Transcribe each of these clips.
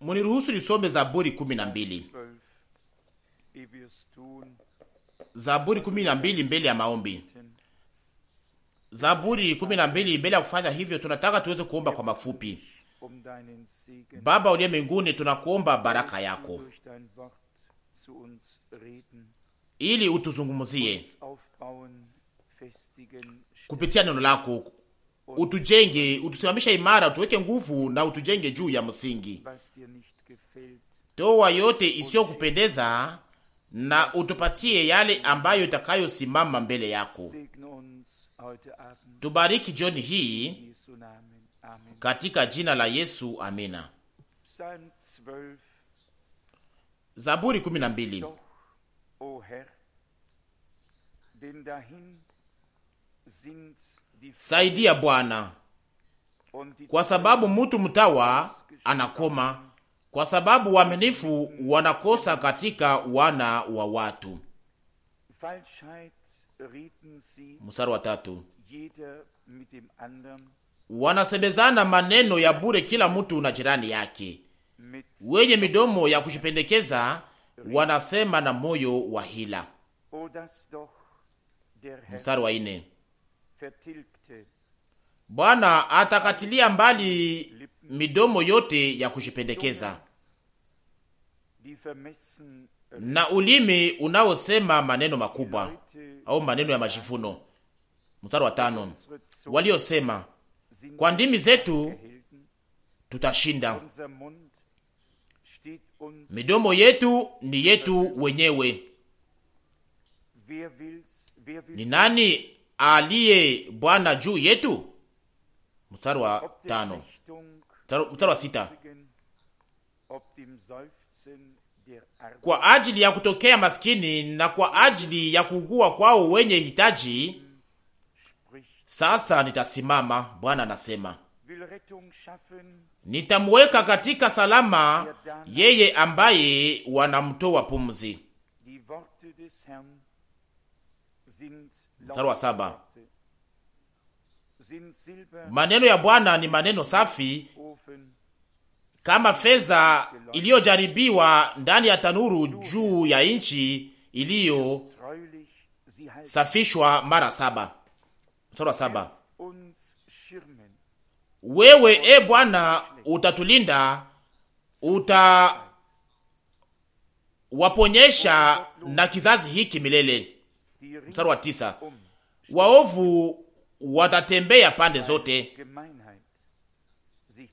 Muniruhusu Psalm Zaburi kumi na mbili, Zaburi kumi Zaburi mbili mbele ya maombi. Zaburi kumi na mbili mbele ya kufanya hivyo, tunataka tuweze kuomba kwa mafupi. Um Baba uliye mbinguni, tunakuomba baraka yako ili utuzungumuzie kupitia neno lako utujenge, utusimamisha imara, utuweke nguvu na utujenge juu ya msingi. Toa yote isiyokupendeza na utupatie yale ambayo itakayosimama mbele yako. Tubariki jioni hii katika jina la Yesu, amina. Zaburi kumi na mbili. Saidia Bwana, kwa sababu mtu mtawa anakoma, kwa sababu waaminifu wanakosa katika wana wa watu. Mstari wa tatu maneno ya bure, kila mtu na jirani yake, wenye midomo ya kushipendekeza wanasema na moyo wa hila. Mstari wa ine Bwana atakatilia mbali midomo yote ya kujipendekeza na ulimi unaosema maneno makubwa au maneno ya majivuno. Mstari wa tano, waliosema kwa ndimi zetu tutashinda. Midomo yetu ni yetu wenyewe. Ni nani aliye Bwana juu yetu. Mstari wa tano, mstari wa sita, kwa ajili ya kutokea maskini na kwa ajili ya kuugua kwao wenye hitaji. Sasa nitasimama, Bwana anasema, nitamweka katika salama yeye ambaye wanamtoa pumzi mstari wa saba. Maneno ya Bwana ni maneno safi kama fedha iliyojaribiwa ndani ya tanuru juu ya nchi iliyosafishwa mara saba. Mstari wa saba. Wewe e Bwana utatulinda, utawaponyesha na kizazi hiki milele mstari wa tisa, waovu watatembea pande zote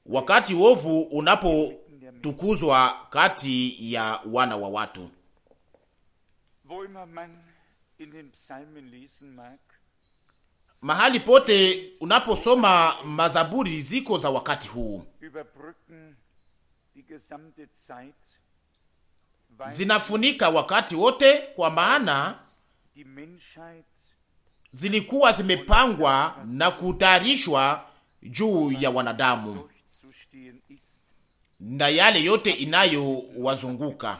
wakati uovu unapotukuzwa kati ya wana wa watu. Mahali pote unaposoma mazaburi ziko za wakati huu, zinafunika wakati wote, kwa maana zilikuwa zimepangwa na kutayarishwa juu ya wanadamu na yale yote inayowazunguka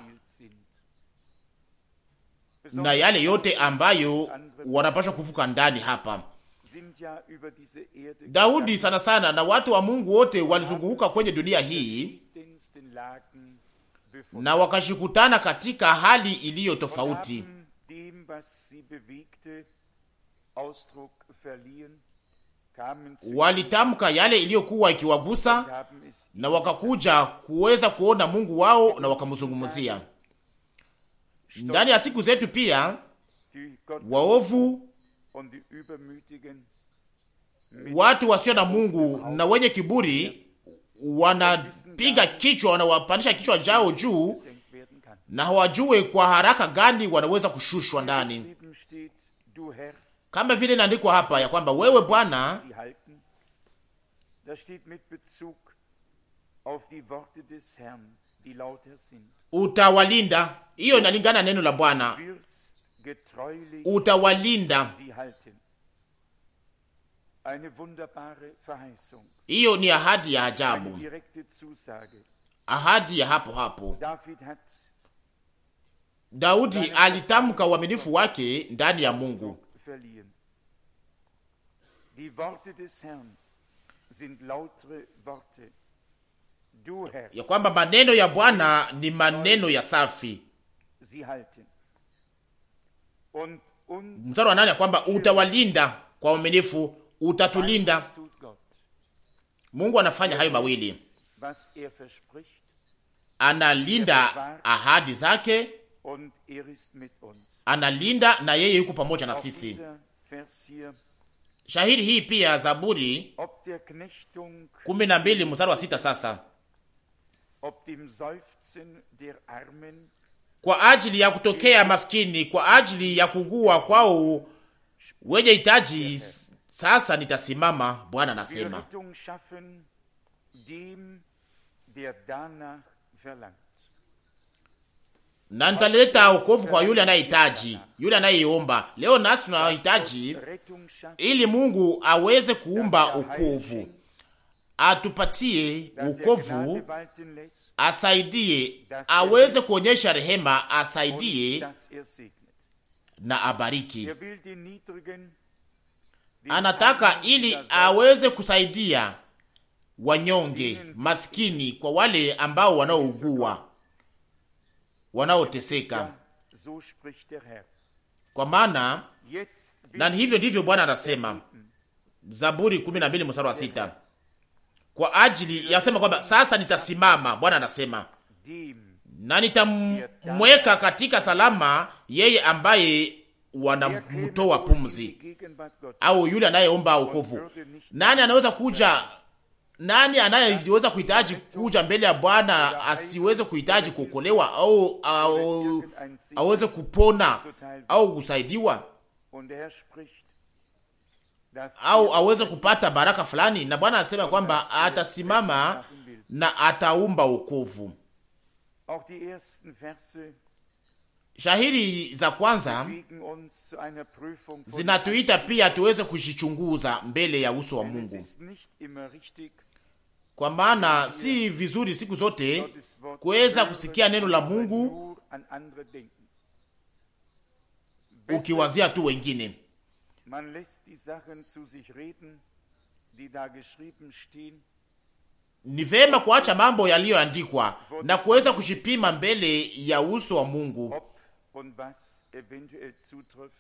na yale yote ambayo wanapashwa kuvuka ndani hapa. Daudi sana sana na watu wa Mungu wote walizunguka kwenye dunia hii na wakashikutana katika hali iliyo tofauti walitamka yale iliyokuwa ikiwagusa na wakakuja kuweza kuona Mungu wao na wakamzungumzia. Ndani ya siku zetu pia waovu, watu wasio na Mungu na wenye kiburi wanapiga kichwa, wanawapandisha kichwa jao juu na hawajue kwa haraka gani wanaweza kushushwa ndani, kama vile inaandikwa hapa ya kwamba wewe Bwana utawalinda. Hiyo inalingana neno la Bwana, utawalinda. Hiyo ni ahadi ya ajabu, ahadi ya hapo hapo. David hat Daudi alitamka uaminifu wake ndani ya Mungu. Ya kwamba maneno ya Bwana ni maneno ya safi. Mstari wa nane ya kwamba utawalinda kwa uaminifu, utatulinda. Mungu anafanya hayo mawili, er analinda er ahadi zake Er analinda na yeye yuko pamoja na sisi. Shahiri hii pia Zaburi kumi na mbili mstari wa sita. Sasa kwa ajili ya kutokea maskini, kwa ajili ya kugua kwao wenye hitaji, sasa nitasimama, Bwana anasema na nitaleta wokovu kwa yule anayehitaji, yule anayeomba Leo nasi tunahitaji ili Mungu aweze kuumba wokovu, atupatie wokovu, asaidie, aweze kuonyesha rehema, asaidie na abariki. Anataka ili aweze kusaidia wanyonge, maskini, kwa wale ambao wanaougua wanaoteseka. Kwa maana na hivyo ndivyo Bwana anasema, Zaburi 12 mstari wa sita. Kwa ajili yasema kwamba sasa nitasimama, Bwana anasema, na nitamweka katika salama yeye ambaye er wanamtoa pumzi, au yule anayeomba wokovu. Er Nani anaweza kuja nani anayeweza kuhitaji kuja mbele ya Bwana asiweze kuhitaji kuokolewa au, aweze kupona au kusaidiwa au aweze kupata baraka fulani? Na Bwana anasema kwamba atasimama na ataumba wokovu. Shahiri za kwanza zinatuita pia tuweze kujichunguza mbele ya uso wa Mungu kwa maana si vizuri siku zote kuweza kusikia neno la Mungu ukiwazia tu wengine. Ni vema kuacha mambo yaliyoandikwa na kuweza kushipima mbele ya uso wa Mungu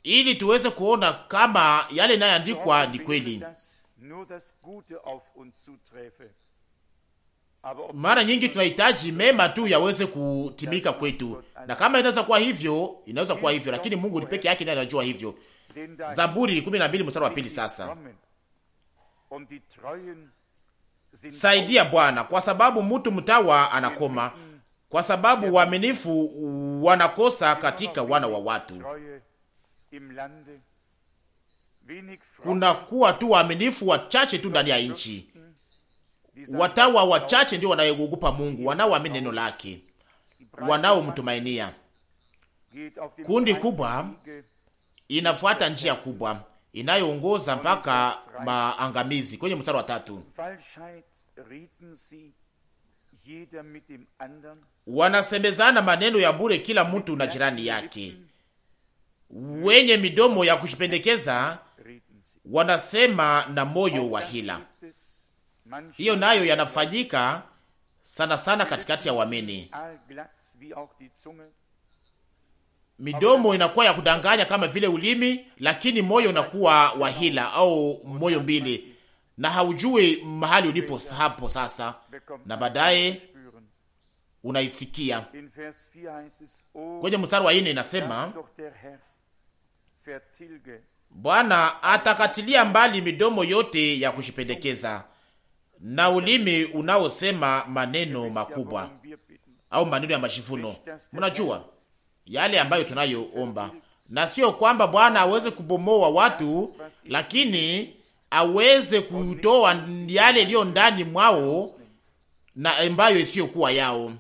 ili tuweze kuona kama yale inayoandikwa ni kweli. Mara nyingi tunahitaji mema tu yaweze kutimika kwetu, na kama inaweza kuwa hivyo, inaweza kuwa hivyo, lakini Mungu ni peke yake ndiye anajua hivyo. Zaburi 12 mstari wa pili. Sasa saidia Bwana, kwa sababu mtu mtawa anakoma, kwa sababu waaminifu wanakosa katika wana wa watu. Kunakuwa tu waaminifu wachache tu ndani ya nchi Watawa wachache ndio wanayeogopa Mungu, wanaoamini neno lake, wanaomtumainia. Kundi kubwa inafuata njia kubwa inayoongoza mpaka maangamizi, kwenye mstari wa tatu. Wanasemezana maneno ya bure, kila mtu na jirani yake, wenye midomo ya kushipendekeza wanasema na moyo wa hila. Hiyo nayo yanafanyika sana sana katikati ya wamini. Midomo inakuwa ya kudanganya kama vile ulimi, lakini moyo unakuwa wa hila au moyo mbili, na haujui mahali ulipo hapo sasa, na baadaye unaisikia kwenye mstari wa nne inasema, Bwana atakatilia mbali midomo yote ya kushipendekeza na ulimi unaosema maneno makubwa au maneno ya mashifuno. Mnajua yale ambayo tunayoomba, na sio kwamba Bwana aweze kubomoa watu, lakini aweze kutoa yale iliyo ndani mwao na ambayo isiyokuwa yao.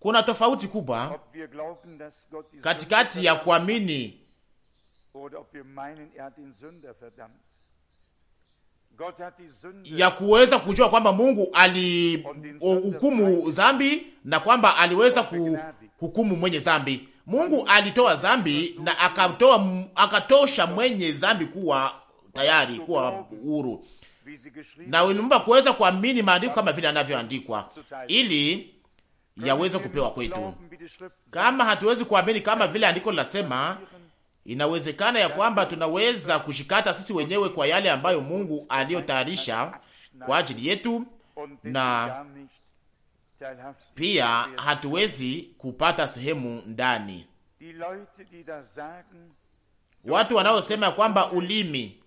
Kuna tofauti kubwa katikati ya kuamini ya kuweza kujua kwamba Mungu alihukumu zambi na kwamba aliweza kuhukumu mwenye zambi. Mungu alitoa zambi na akatoa, akatosha mwenye zambi kuwa tayari kuwa uhuru na wenumba kuweza kuamini maandiko kama vile anavyoandikwa ili yaweze kupewa kwetu. Kama hatuwezi kuamini kama vile andiko linasema, Inawezekana ya kwamba tunaweza kushikata sisi wenyewe kwa yale ambayo Mungu aliyotayarisha kwa ajili yetu, na pia hatuwezi kupata sehemu ndani. Watu wanaosema ya kwamba ulimi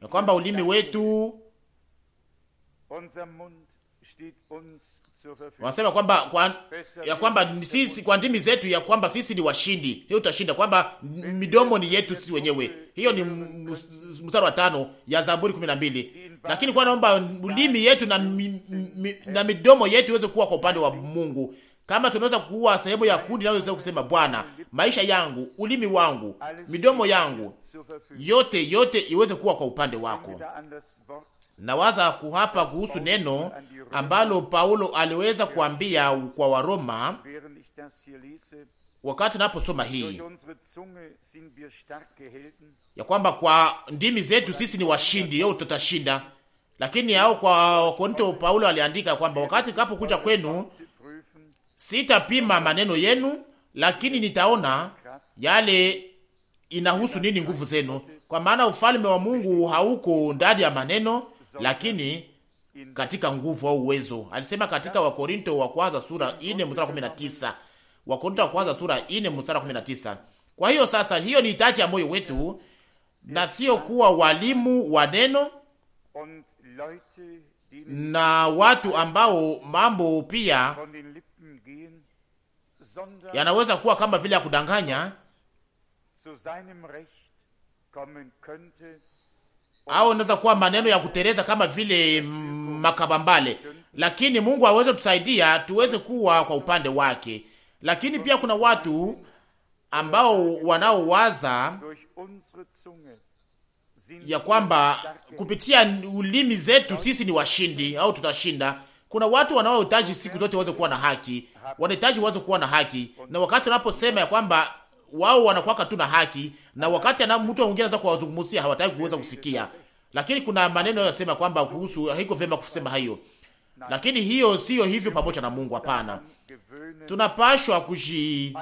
ya kwamba ulimi wetu wanasema kwamba kwa, ya kwamba sisi kwa ndimi zetu ya kwamba sisi ni washindi, hiyo tutashinda, kwamba midomo ni yetu sisi wenyewe. Hiyo ni mstari wa tano ya Zaburi kumi na mbili. Lakini kwa naomba ulimi yetu na, mi, mi, na midomo yetu iweze kuwa kwa upande wa Mungu, kama tunaweza kuwa sehemu ya kundi naweza kusema Bwana, maisha yangu, ulimi wangu, midomo yangu, yote yote iweze kuwa kwa upande wako nawaza kuhapa kuhusu neno ambalo Paulo aliweza kuambia kwa Waroma wakati naposoma hii ya kwamba kwa ndimi zetu sisi ni washindi, yo tutashinda. Lakini au kwa Wakorinto, Paulo aliandika kwamba wakati kapo kuja kwenu, sitapima maneno yenu, lakini nitaona yale inahusu nini nguvu zenu, kwa maana ufalme wa Mungu hauko ndani ya maneno, lakini katika nguvu au uwezo. Alisema katika Wakorinto wa kwanza sura 4 mstari 19 Wakorinto wa kwanza sura 4 mstari kumi Kwa hiyo sasa, hiyo ni hitaji ya moyo wetu na sio kuwa walimu wa neno na watu ambao mambo pia yanaweza kuwa kama vile ya kudanganya au unaweza kuwa maneno ya kutereza kama vile makabambale, lakini Mungu aweze tusaidia tuweze kuwa kwa upande wake. Lakini pia kuna watu ambao wanaowaza ya kwamba kupitia ulimi zetu sisi ni washindi au tutashinda. Kuna watu wanaohitaji siku zote waweze kuwa na haki, wanahitaji waweze kuwa na haki, na wakati wanaposema ya kwamba wao wanakuwa tu na haki, na wakati ana mtu mwingine anaweza kuwazungumzia hawataki kuweza kusikia. Lakini kuna maneno yanasema kwamba kuhusu haiko vema kusema hayo, lakini hiyo sio hivyo pamoja na Mungu. Hapana, tunapashwa kuji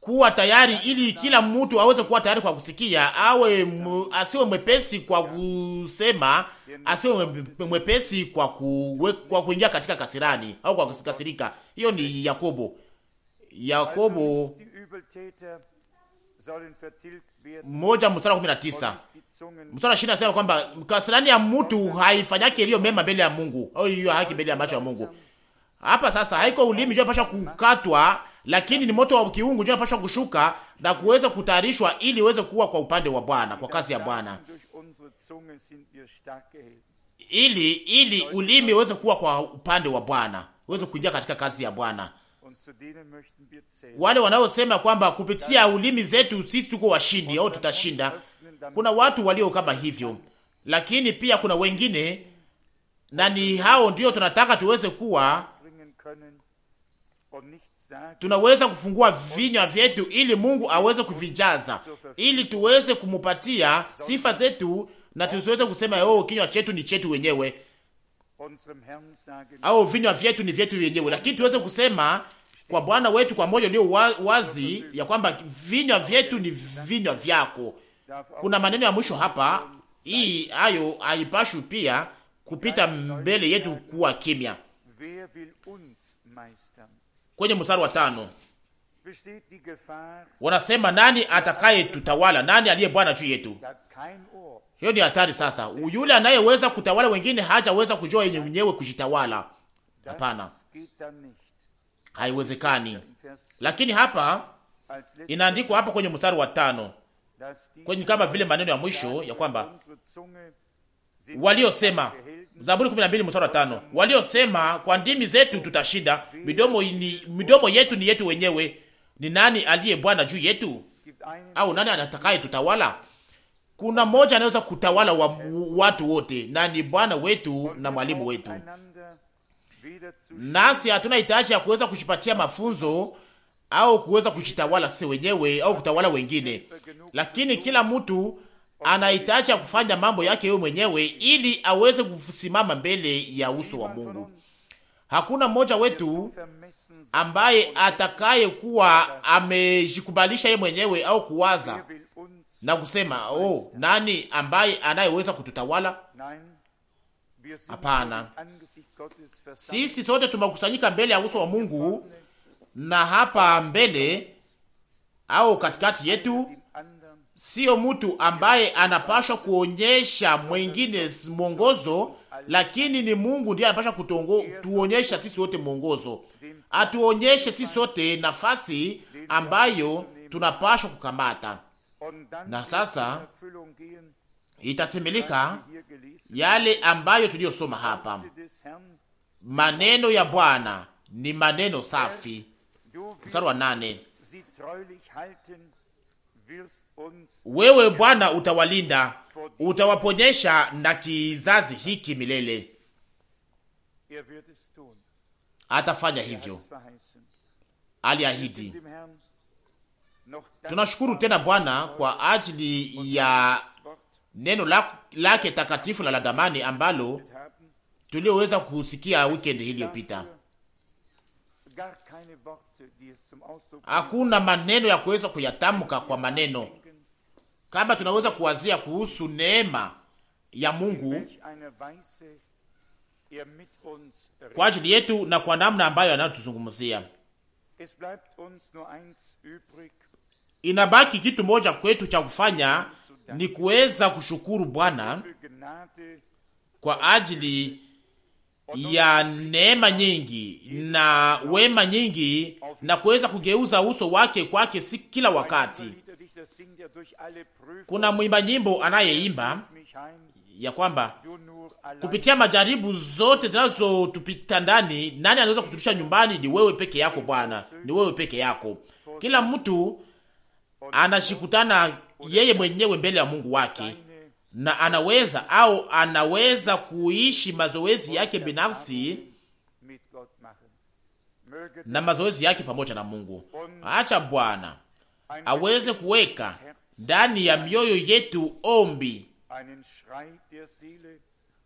kuwa tayari ili kila mtu aweze kuwa tayari kwa kusikia, awe asiwe mwepesi kwa kusema, asiwe mwepesi kwa kuwe, kwa kuingia katika kasirani au kwa kusikasirika. Hiyo ni Yakobo Yakobo moja mstari wa 19 mstari wa 20 nasema kwamba kasirani ya mtu haifanyake iliyo mema mbele ya Mungu au hiyo haki mbele ya macho ya Mungu. Hapa sasa haiko ulimi ndio pasha kukatwa, lakini ni moto wa kiungu ndio pasha kushuka na kuweza kutayarishwa ili uweze kuwa kwa upande wa Bwana, kwa kazi ya Bwana, ili ili ulimi uweze kuwa kwa upande wa Bwana, uweze kuingia katika kazi ya Bwana wale wanaosema kwamba kupitia ulimi zetu sisi tuko washindi au tutashinda. Kuna watu walio kama hivyo, lakini pia kuna wengine, na ni hao ndio tunataka tuweze kuwa tunaweza kufungua vinywa vyetu ili Mungu aweze kuvijaza, ili tuweze kumupatia sifa zetu na tusiweze kusema oh, kinywa chetu ni chetu wenyewe au vinywa vyetu ni vyetu wenyewe, lakini tuweze kusema kwa Bwana wetu kwa moyo ulio wazi ya kwamba vinywa vyetu ni vinywa vyako. Kuna maneno ya mwisho hapa, hii hayo haipashu pia kupita mbele yetu kuwa kimya. Kwenye mstari wa tano wanasema nani atakaye tutawala? Nani aliye bwana juu yetu? Hiyo ni hatari. Sasa yule anayeweza kutawala wengine hajaweza kujua mwenyewe kujitawala. Hapana, haiwezekani. Lakini hapa inaandikwa hapa kwenye mstari wa tano kwenye kama vile maneno ya mwisho ya kwamba waliosema, Zaburi 12 mstari wa tano, waliosema kwa ndimi zetu tutashinda, midomo, ni, midomo yetu ni yetu wenyewe. Ni nani aliye bwana juu yetu? Au nani anatakaye tutawala? Kuna mmoja anaweza kutawala wa, watu wote na ni Bwana wetu na mwalimu wetu nasi hatuna hitaji ya kuweza kujipatia mafunzo au kuweza kujitawala si wenyewe au kutawala wengine, lakini kila mtu anahitaji ya kufanya mambo yake yeye mwenyewe ili aweze kusimama mbele ya uso wa Mungu. Hakuna mmoja wetu ambaye atakaye kuwa amejikubalisha yeye mwenyewe au kuwaza na kusema oh, nani ambaye anayeweza kututawala? Hapana, sisi sote tumekusanyika mbele ya uso wa Mungu, na hapa mbele au katikati yetu sio mtu ambaye anapashwa kuonyesha mwengine mwongozo, lakini ni Mungu ndiye anapashwa kutuonyesha sisi wote mwongozo, atuonyeshe sisi sote nafasi ambayo tunapashwa kukamata. Na sasa itatimilika yale ambayo tuliyosoma hapa. Maneno ya Bwana ni maneno safi. Mstari wa nane. Wewe Bwana utawalinda, utawaponyesha na kizazi hiki milele. Atafanya hivyo, aliahidi. Tunashukuru tena Bwana kwa ajili ya neno lake, takatifu na la damani ambalo tulioweza kusikia wikendi iliyopita. Hakuna maneno ya kuweza kuyatamka kwa maneno, kama tunaweza kuwazia kuhusu neema ya Mungu kwa ajili yetu na kwa namna ambayo anayotuzungumzia. Inabaki kitu moja kwetu cha kufanya ni kuweza kushukuru Bwana kwa ajili ya neema nyingi na wema nyingi na kuweza kugeuza uso wake kwake si kila wakati. Kuna mwimba nyimbo anayeimba ya kwamba kupitia majaribu zote zinazotupita ndani, nani anaweza kuturusha nyumbani? Ni wewe peke yako Bwana, ni wewe peke yako. Kila mtu anashikutana yeye mwenyewe mbele ya Mungu wake, na anaweza au anaweza kuishi mazoezi yake binafsi na mazoezi yake pamoja na Mungu. Acha Bwana aweze kuweka ndani ya mioyo yetu ombi,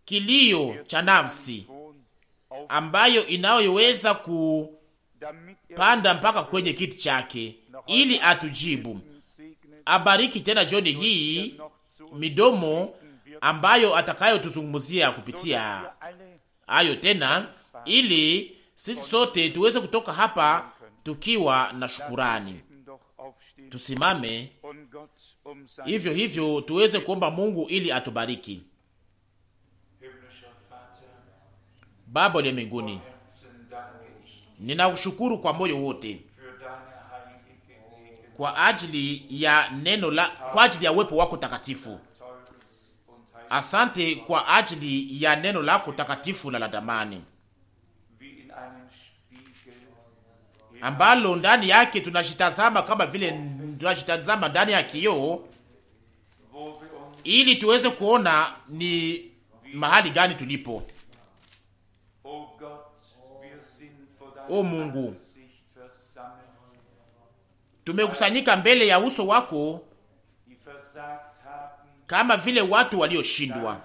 kilio cha nafsi ambayo inayoweza kupanda mpaka kwenye kiti chake ili atujibu abariki tena jioni hii midomo ambayo atakayotuzungumzia kupitia hayo tena, ili sisi sote tuweze kutoka hapa tukiwa na shukurani. Tusimame hivyo hivyo tuweze kuomba Mungu ili atubariki. Baba uliye mbinguni, ninakushukuru kwa moyo wote kwa ajili ya neno la, kwa ajili ya uwepo wako takatifu. Asante kwa ajili ya neno lako takatifu na la damani ambalo ndani yake tunajitazama kama vile tunajitazama ndani ya kioo, ili tuweze kuona ni mahali gani tulipo. O Mungu, tumekusanyika mbele ya uso wako kama vile watu walioshindwa,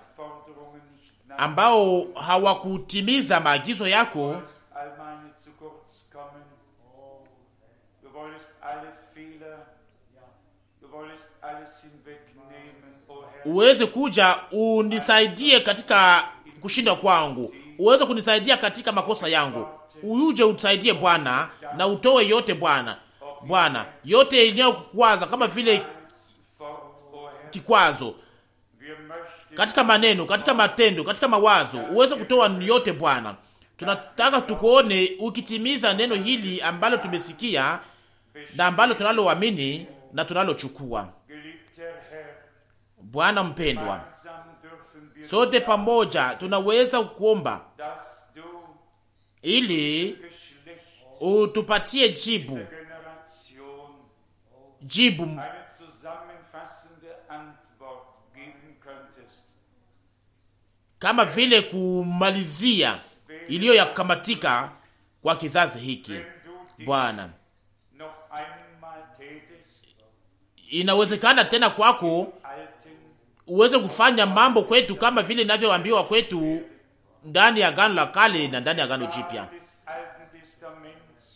ambao hawakutimiza maagizo yako. Uweze kuja unisaidie katika kushindwa kwangu, uweze kunisaidia katika makosa yangu. Uje utusaidie Bwana na utoe yote Bwana Bwana, yote inayokukwaza kama vile kikwazo katika maneno, katika matendo, katika mawazo, uweze kutoa yote Bwana. Tunataka tukuone ukitimiza neno hili ambalo tumesikia na ambalo tunaloamini na tunalochukua. Bwana mpendwa, sote pamoja tunaweza kuomba ili utupatie jibu jibu kama vile kumalizia iliyo ya kukamatika kwa kizazi hiki. Bwana, inawezekana tena kwako uweze kufanya mambo kwetu kama vile inavyoambiwa kwetu ndani ya Agano la Kale na ndani ya Agano Jipya.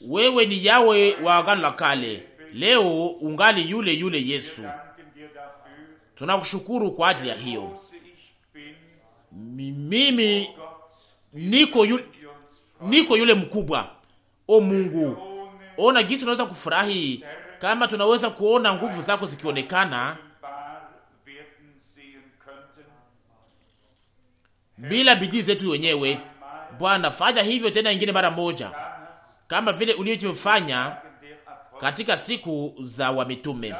Wewe ni yawe wa Agano la Kale, leo ungali yule yule Yesu. Tunakushukuru kwa ajili ya hiyo. Mimi niko yule, niko yule mkubwa. O Mungu, ona jinsi tunaweza kufurahi kama tunaweza kuona nguvu zako zikionekana bila bidii zetu wenyewe. Bwana, fanya hivyo tena ingine mara moja, kama vile ulivyofanya katika siku za wamitume.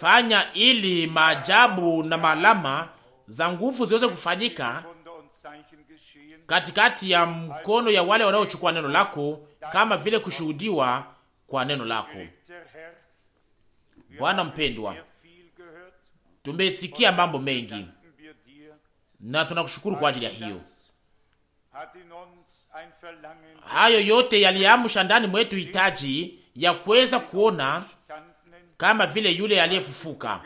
Fanya ili maajabu na maalama za nguvu ziweze kufanyika katikati ya mkono ya wale wanaochukua neno lako kama vile kushuhudiwa kwa neno lako. Bwana mpendwa, tumesikia mambo mengi na tunakushukuru kwa ajili ya hiyo. Hayo yote yaliamsha ndani mwetu hitaji ya kuweza kuona kama vile yule aliyefufuka,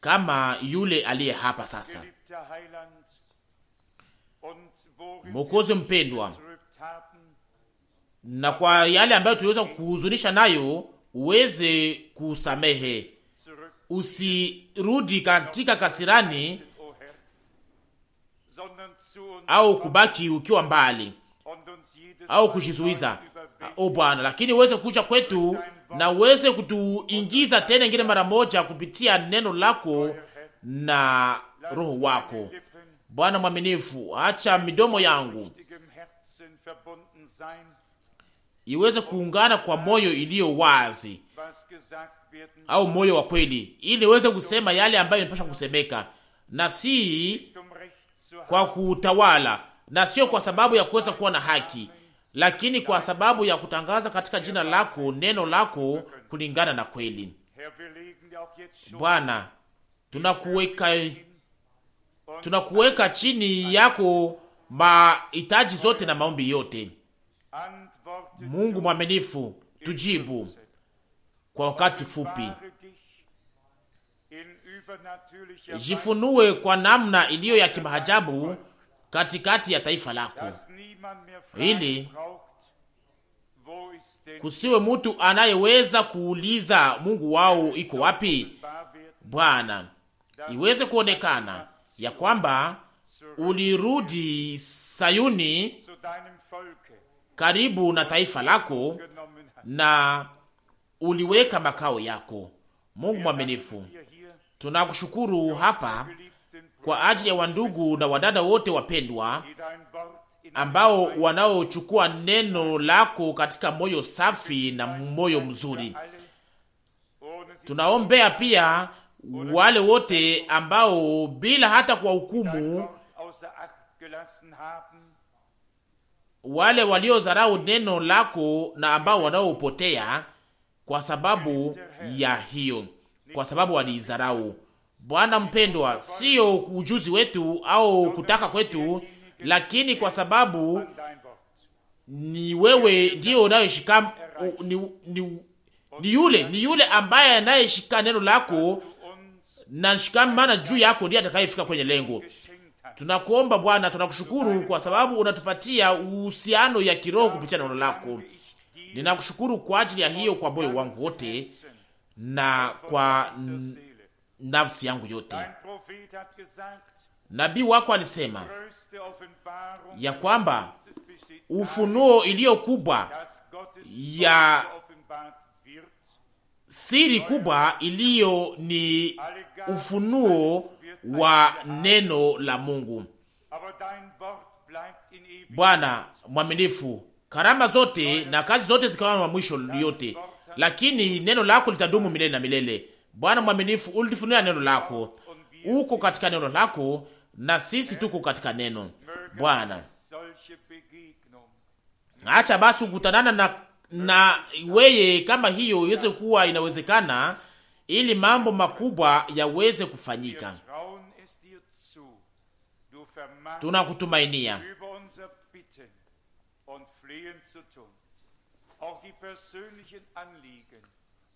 kama yule aliye hapa sasa. Mwokozi mpendwa, na kwa yale ambayo tuliweza kuhuzunisha nayo, uweze kusamehe, usirudi katika kasirani au kubaki ukiwa mbali au kujizuiza, o Bwana, lakini uweze kuja kwetu na uweze kutuingiza tena ingine mara moja kupitia neno lako na roho wako. Bwana mwaminifu, acha midomo yangu iweze kuungana kwa moyo iliyo wazi au moyo wa kweli, ili iweze kusema yale ambayo inapasha kusemeka, na si kwa kutawala, na sio kwa sababu ya kuweza kuwa na haki, lakini kwa sababu ya kutangaza katika jina lako neno lako kulingana na kweli. Bwana, tunakuweka tunakuweka chini yako mahitaji zote na maombi yote. Mungu mwaminifu, tujibu kwa wakati fupi. Jifunue kwa namna iliyo ya kimahajabu katikati ya taifa lako ili kusiwe mtu anayeweza kuuliza Mungu wao iko wapi. Bwana, iweze kuonekana ya kwamba ulirudi Sayuni, karibu na taifa lako, na uliweka makao yako. Mungu mwaminifu, tunakushukuru hapa kwa ajili ya wandugu na wadada wote wapendwa ambao wanaochukua neno lako katika moyo safi na moyo mzuri. Tunaombea pia wale wote ambao bila hata kwa hukumu wale waliodharau neno lako na ambao wanaopotea kwa sababu ya hiyo, kwa sababu waliidharau. Bwana mpendwa, sio ujuzi wetu au kutaka kwetu lakini kwa sababu ni wewe ndiyo unayeshika ni, ni, ni yule ni yule ambaye anayeshika neno lako na shikamana juu yako ndiye atakayefika kwenye lengo. Tunakuomba Bwana, tunakushukuru kwa sababu unatupatia uhusiano ya kiroho kupitia neno lako. Ninakushukuru kwa ajili ya hiyo kwa moyo wangu wote na kwa nafsi yangu yote nabii wako alisema ya kwamba ufunuo iliyo kubwa ya siri kubwa iliyo ni ufunuo wa neno la Mungu. Bwana mwaminifu, karama zote na kazi zote wa mwisho yote, lakini neno lako litadumu milele na milele. Bwana mwaminifu, ulifunulia neno lako, uko katika neno lako na sisi eh? tuko katika neno. Bwana, acha basi kukutanana na na weye kama hiyo iweze kuwa inawezekana, ili mambo makubwa yaweze kufanyika. Tunakutumainia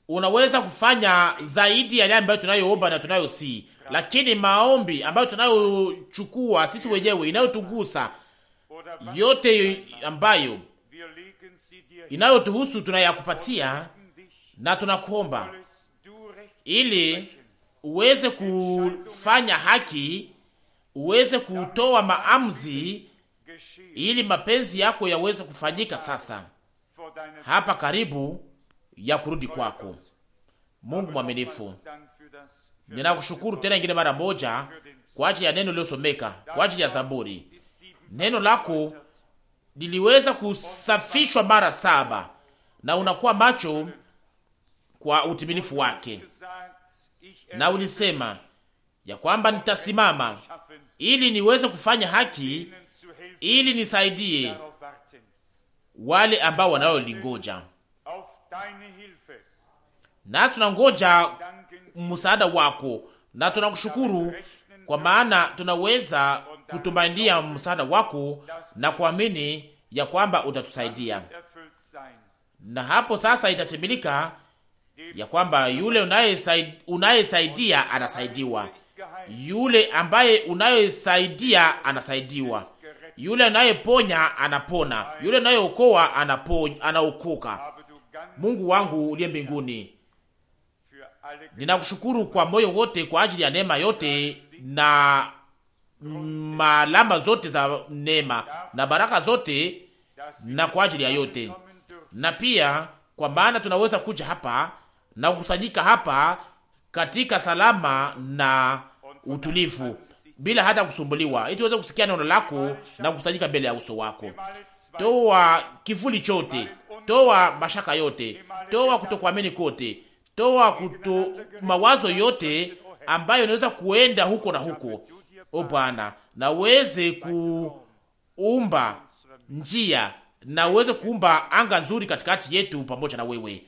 unaweza kufanya zaidi ya yale ambayo tunayoomba na tunayosi lakini maombi ambayo tunayochukua sisi wenyewe inayotugusa yote ambayo inayotuhusu tunayakupatia na tunakuomba ili uweze kufanya haki, uweze kutoa maamuzi ili mapenzi yako yaweze kufanyika sasa hapa karibu ya kurudi kwako. Mungu mwaminifu, ninakushukuru tena ingine mara moja kwa ajili ya neno liliosomeka kwa ajili ya Zaburi. Neno lako liliweza kusafishwa mara saba na unakuwa macho kwa utimilifu wake, na ulisema ya kwamba nitasimama ili niweze kufanya haki, ili nisaidie wale ambao wanaolingoja na tunangoja msaada wako na tunakushukuru kwa maana tunaweza kutumainia msaada wako na kuamini ya kwamba utatusaidia. Na hapo sasa itatimilika ya kwamba yule unayesaidia anasaidiwa, yule ambaye unayesaidia anasaidiwa, yule anayeponya anapona, yule anayeokoa anaokoka. Mungu wangu uliye mbinguni, ninakushukuru kwa moyo wote kwa ajili ya neema yote na malama zote za neema na baraka zote na kwa ajili ya yote, na pia kwa maana tunaweza kuja hapa na kukusanyika hapa katika salama na utulivu bila hata kusumbuliwa, ili tuweze kusikia neno lako na kukusanyika mbele ya uso wako. Toa kivuli chote toa mashaka yote, toa kutokuamini kote, toa kuto mawazo yote ambayo inaweza kuenda huko na huko. O Bwana, na uweze kuumba njia na uweze kuumba anga nzuri katikati yetu pamoja na wewe.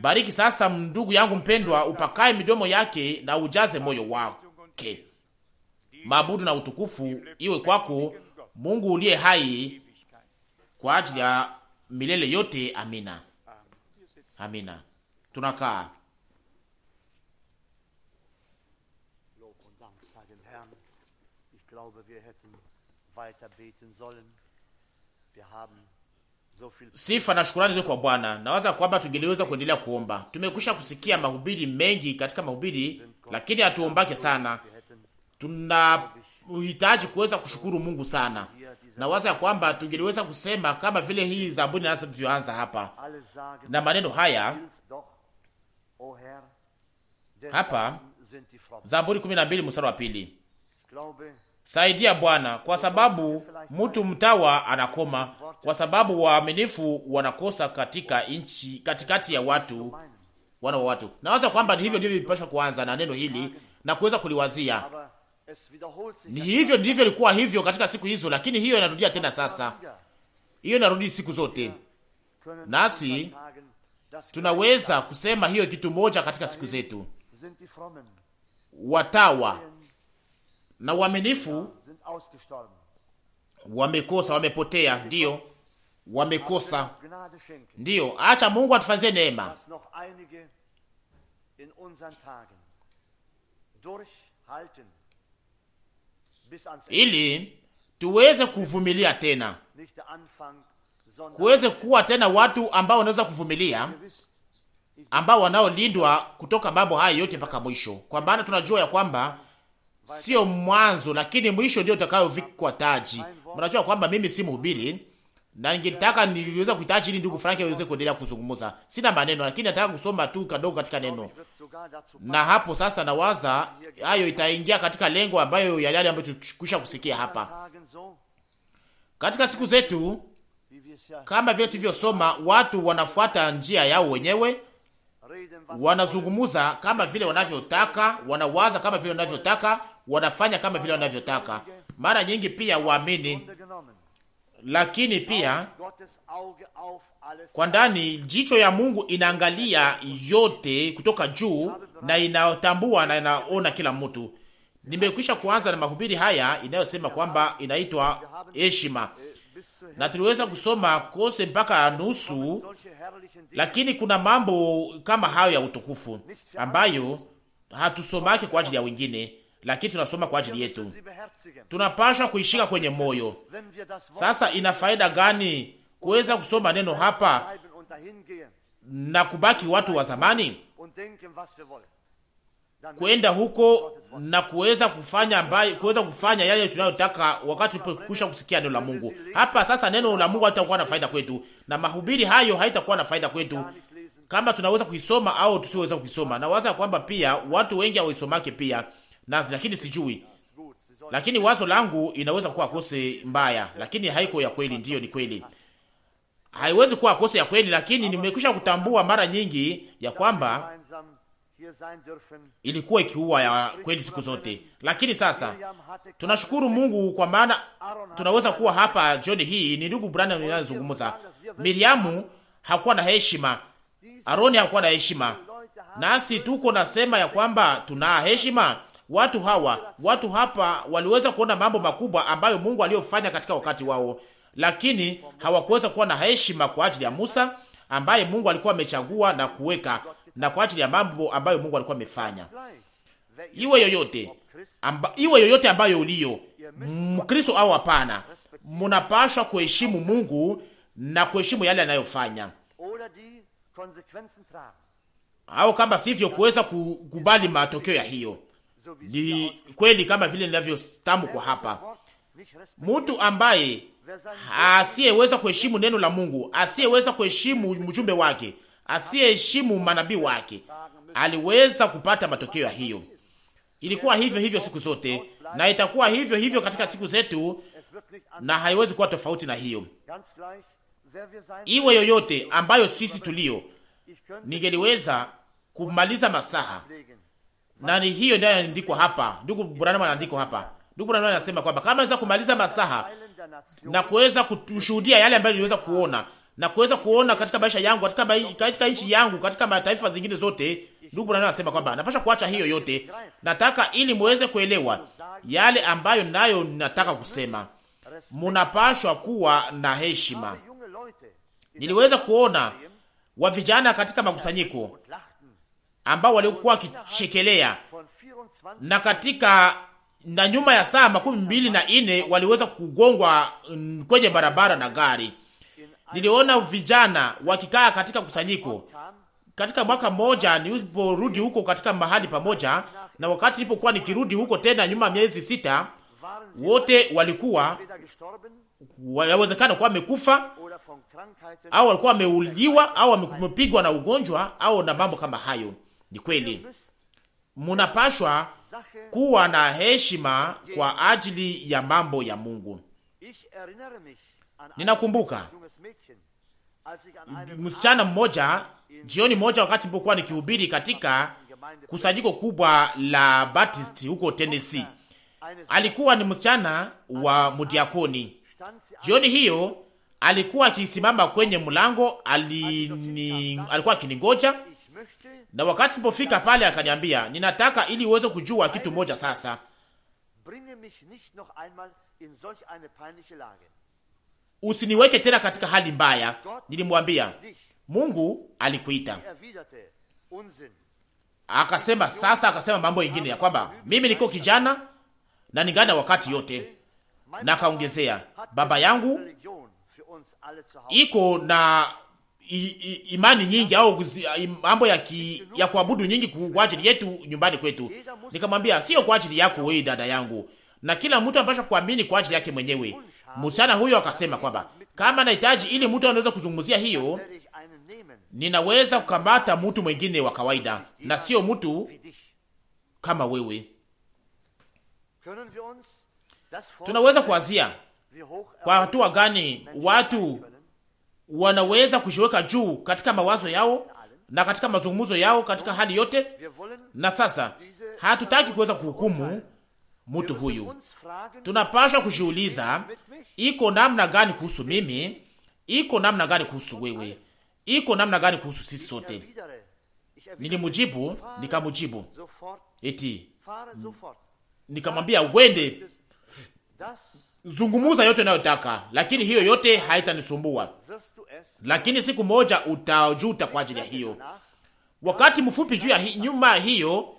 Bariki sasa ndugu yangu mpendwa, upakae midomo yake na ujaze moyo wake. Mabudu na utukufu iwe kwako Mungu uliye hai kwa ajili ya milele yote. Amina, amina. Tunakaa sifa na shukurani zote kwa Bwana. Nawaza kwamba tungeliweza kuendelea kuomba. Tumekwisha kusikia mahubiri mengi katika mahubiri, lakini hatuombake sana. Tuna uhitaji kuweza kushukuru Mungu sana na waza ya kwamba tungeliweza kusema kama vile hii zabuni nazoanza hapa na maneno haya hapa, Zaburi 12 mstari wa pili, saidia Bwana, kwa sababu mtu mtawa anakoma, kwa sababu waaminifu wanakosa katika nchi, katikati ya watu wana wa watu. Nawaza kwamba ni hivyo ndivyo vipashwa kuanza na neno hili na kuweza kuliwazia ni hivyo ndivyo ilikuwa hivyo katika siku hizo, lakini hiyo inarudia tena sasa, hiyo inarudi siku zote, nasi tunaweza kusema hiyo kitu moja katika siku zetu. Watawa na uaminifu wamekosa, wamepotea, ndiyo wamekosa, ndiyo. Acha Mungu atufanzie neema ili tuweze kuvumilia tena, kuweze kuwa tena watu ambao wanaweza kuvumilia, ambao wanaolindwa kutoka mambo haya yote mpaka mwisho, kwa maana tunajua ya kwamba sio mwanzo, lakini mwisho ndio utakayovikwa taji. Mnajua kwamba mimi si mhubiri na ningetaka niweza kuitaji ili ndugu Frank aweze kuendelea kuzungumza. Sina maneno, lakini nataka kusoma tu kadogo katika neno, na hapo sasa nawaza hayo itaingia katika lengo ambayo ya yale ambayo tulikwisha kusikia hapa katika siku zetu. Kama vile tulivyosoma, watu wanafuata njia yao wenyewe, wanazungumza kama vile wanavyotaka, wanawaza kama vile wanavyotaka, wanafanya kama vile wanavyotaka. Mara nyingi pia waamini lakini pia kwa ndani, jicho ya Mungu inaangalia yote kutoka juu na inatambua na inaona kila mtu. Nimekwisha kuanza na mahubiri haya inayosema kwamba inaitwa heshima, na tuliweza kusoma kose mpaka nusu, lakini kuna mambo kama hayo ya utukufu ambayo hatusomake kwa ajili ya wengine lakini tunasoma kwa ajili yetu, tunapashwa kuishika kwenye moyo. Sasa ina faida gani kuweza kusoma neno hapa na kubaki watu wa zamani, kwenda huko na kuweza kufanya ambaye kuweza kufanya yale tunayotaka wakati tulipokwisha kusikia neno la Mungu. Hapa sasa neno la Mungu halitakuwa na faida kwetu, na mahubiri hayo haitakuwa na faida kwetu kama tunaweza kuisoma au tusiweza kuisoma. Na waza kwamba pia watu wengi hawaisomake pia na lakini sijui, lakini wazo langu inaweza kuwa kose mbaya, lakini haiko ya kweli. Ndiyo, ni kweli, haiwezi kuwa kose ya kweli, lakini nimekwisha kutambua mara nyingi ya kwamba ilikuwa ikiua ya kweli siku zote. Lakini sasa tunashukuru Mungu kwa maana tunaweza kuwa hapa jioni hii. Ni ndugu Branham ninazungumza. Miriamu hakuwa na heshima, Aroni hakuwa na heshima, nasi tuko nasema ya kwamba tuna heshima Watu hawa watu hapa waliweza kuona mambo makubwa ambayo Mungu aliyofanya katika wakati wao, lakini hawakuweza kuwa na heshima kwa ajili ya Musa ambaye Mungu alikuwa amechagua na kuweka, na kwa ajili ya mambo ambayo Mungu alikuwa amefanya. Iwe yoyote amba, iwe yoyote ambayo uliyo Mkristo au hapana, munapashwa kuheshimu Mungu na kuheshimu yale anayofanya, au kama sivyo kuweza kukubali matokeo ya hiyo. Ni kweli kama vile ninavyotamkwa hapa, mtu ambaye asiyeweza kuheshimu neno la Mungu, asiyeweza kuheshimu mjumbe wake, asiyeheshimu manabii wake, aliweza kupata matokeo ya hiyo. Ilikuwa hivyo hivyo siku zote na itakuwa hivyo hivyo katika siku zetu, na haiwezi kuwa tofauti na hiyo. Iwe yoyote ambayo sisi tulio, ningeliweza kumaliza masaha nani, hiyo ndiyo inaandikwa hapa. Ndugu Branham anaandikwa hapa. Ndugu Branham anasema kwamba kama naweza kumaliza masaha na kuweza kushuhudia yale ambayo niliweza kuona na kuweza kuona katika maisha yangu, katika katika nchi yangu, katika mataifa zingine zote, ndugu Branham anasema kwamba napasha kuacha hiyo yote, nataka ili muweze kuelewa yale ambayo nayo nataka kusema, munapashwa kuwa na heshima. Niliweza kuona wa vijana katika makusanyiko ambao walikuwa wakichekelea, na katika na nyuma ya saa makumi mbili na ine waliweza kugongwa mm, kwenye barabara na gari. Niliona vijana wakikaa katika kusanyiko katika mwaka mmoja niliporudi huko katika mahali pamoja, na wakati nilipokuwa nikirudi huko tena nyuma miezi sita, wote walikuwa yawezekana kuwa wamekufa au walikuwa wameuliwa au wamepigwa na ugonjwa au na mambo kama hayo. Ni kweli munapashwa kuwa na heshima kwa ajili ya mambo ya Mungu. Ninakumbuka msichana mmoja jioni moja, wakati nilipokuwa nikihubiri katika kusanyiko kubwa la Baptist huko Tennessee. Alikuwa ni msichana wa mudiakoni Jioni hiyo alikuwa akisimama kwenye mlango alini, alikuwa akiningoja na wakati nilipofika pale, akaniambia ninataka, ili uweze kujua kitu moja sasa, usiniweke tena katika hali mbaya. Nilimwambia Mungu alikuita akasema. Sasa akasema mambo ingine ya kwamba mimi niko kijana na ningana wakati yote, na akaongezea baba yangu iko na imani nyingi au mambo ya, ki, ya kuabudu nyingi kwa ajili yetu nyumbani kwetu. Nikamwambia sio kwa ajili yako wewe dada yangu, na kila mtu anapaswa kuamini kwa ajili yake mwenyewe. Msichana huyo akasema kwamba kama nahitaji ili mtu anaweza kuzungumzia hiyo, ninaweza kukamata mtu mwingine wa kawaida na sio mtu kama wewe. Tunaweza kuwazia kwa hatua gani watu wanaweza kujiweka juu katika mawazo yao na katika mazungumzo yao katika hali yote. Na sasa hatutaki kuweza kuhukumu mtu huyu, tunapasha kujiuliza, iko namna gani kuhusu mimi? Iko namna gani kuhusu wewe? Iko namna gani kuhusu sisi sote? Nilimujibu, nikamujibu eti, nikamwambia wende zungumuza yote unayotaka, lakini hiyo yote haitanisumbua. Lakini siku moja utajuta kwa ajili ya hiyo. Wakati mfupi juu ya hi, nyuma hiyo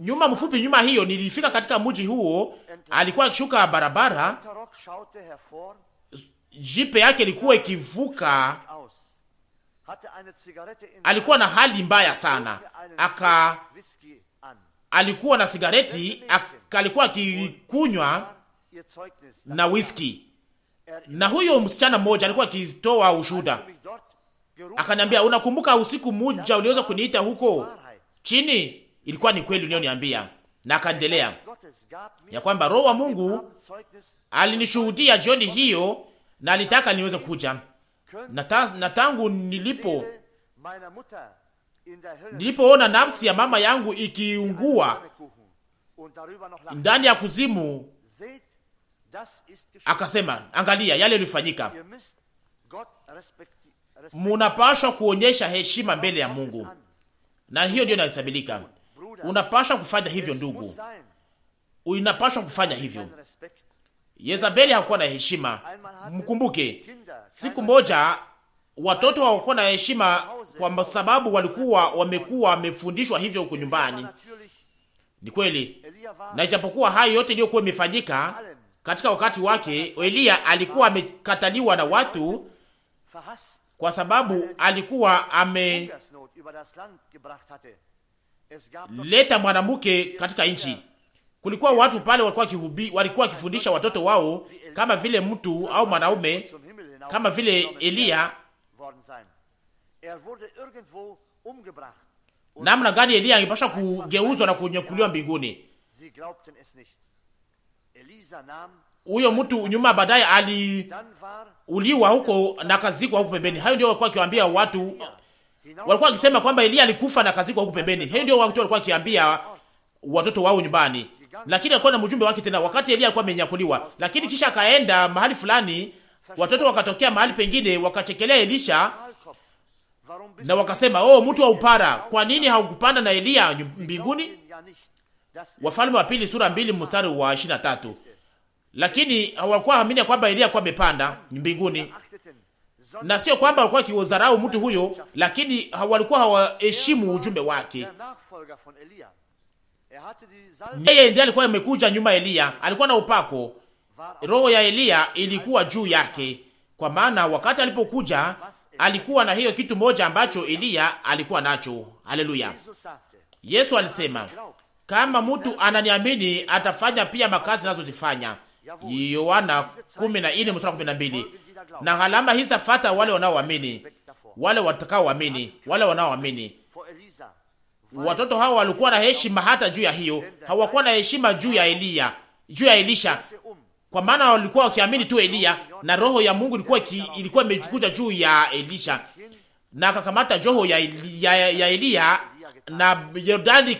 nyuma mfupi nyuma hiyo nilifika katika mji huo, alikuwa akishuka barabara, jipe yake ilikuwa ikivuka, alikuwa na hali mbaya sana, aka alikuwa na sigareti, alikuwa akikunywa na whisky, na huyo msichana mmoja alikuwa akitoa ushuda, akaniambia, unakumbuka usiku mmoja uliweza kuniita huko chini? Ilikuwa ni kweli ulioniambia. Na akaendelea ya kwamba Roho wa Mungu alinishuhudia jioni hiyo na alitaka niweze kuja na, ta, na tangu nilipo Nilipoona nafsi ya mama yangu ikiungua ndani ya kuzimu, akasema, angalia yale yalifanyika. Munapashwa kuonyesha heshima mbele ya Mungu, na hiyo ndiyo inahesabilika. Unapashwa kufanya hivyo, ndugu, unapashwa kufanya hivyo. Yezabeli hakuwa na heshima. Mkumbuke siku moja watoto hawakuwa na heshima kwa sababu walikuwa wamekuwa wamefundishwa hivyo huko nyumbani. Ni kweli, na ijapokuwa hayo yote iliyokuwa imefanyika katika wakati wake, Eliya alikuwa amekataliwa na watu kwa sababu alikuwa ameleta mwanamke katika nchi. Kulikuwa watu pale walikuwa kihubi, walikuwa wakifundisha watoto wao kama vile mtu au mwanaume kama vile Eliya Er namna er gani Eliya angepasha kugeuzwa na kunyakuliwa mbinguni. Huyo mtu nyuma baadaye aliuliwa er huko na kazikwa huko pembeni. Hayo ndio walikuwa akiwaambia watu, walikuwa wakisema kwamba Eliya alikufa na kazikwa huko pembeni. Hayo ndio watu walikuwa wakiambia watoto wao nyumbani, lakini alikuwa na mjumbe wake tena, wakati Eliya alikuwa amenyakuliwa. Lakini kisha akaenda mahali fulani, watoto wakatokea mahali pengine, wakachekelea Elisha na wakasema, oh, mtu wa upara, kwa nini haukupanda na Eliya mbinguni? Wafalme wa Pili sura mbili mstari wa ishirini na tatu. Lakini hawakuwa amini ya kwamba Eliya alikuwa amepanda mbinguni, na sio kwamba walikuwa kiudharau mtu huyo, lakini walikuwa hawaheshimu ujumbe wake. Yeye ndiye alikuwa amekuja nyuma ya Eliya, alikuwa na upako, roho ya Eliya ilikuwa juu yake, kwa maana wakati alipokuja alikuwa na hiyo kitu moja ambacho Eliya alikuwa nacho. Haleluya! Yesu alisema kama mtu ananiamini atafanya pia makazi nazozifanya, Yohana 14:12. Na halama hizi zafata wale wanaoamini, wale watakaoamini, wale wanaoamini. Watoto hao walikuwa na heshima hata juu ya hiyo, hawakuwa na heshima juu ya Eliya, juu ya Elisha, kwa maana walikuwa wakiamini tu Eliya na roho ya Mungu ilikuwa ki, ilikuwa imechukuta juu ya Elisha na akakamata joho ya, ya, ya Eliya na Yordani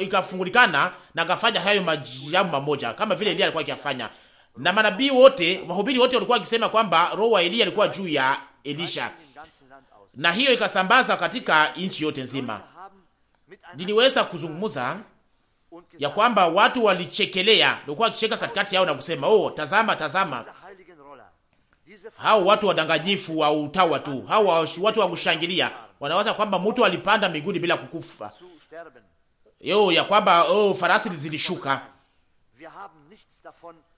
ikafungulikana na akafanya hayo majambo mamoja kama vile Eliya alikuwa akifanya, na manabii wote, wahubiri wote walikuwa wakisema kwamba roho wa Eliya alikuwa juu ya Elisha, na hiyo ikasambaza katika nchi yote nzima. Niliweza kuzungumza ya kwamba watu walichekelea, walikuwa wakicheka katikati yao na kusema oh, tazama tazama, hao watu wadanganyifu wa utawa tu, hao watu wa kushangilia, wanawaza kwamba mtu alipanda miguni bila kukufa, yo ya kwamba oh, farasi zilishuka.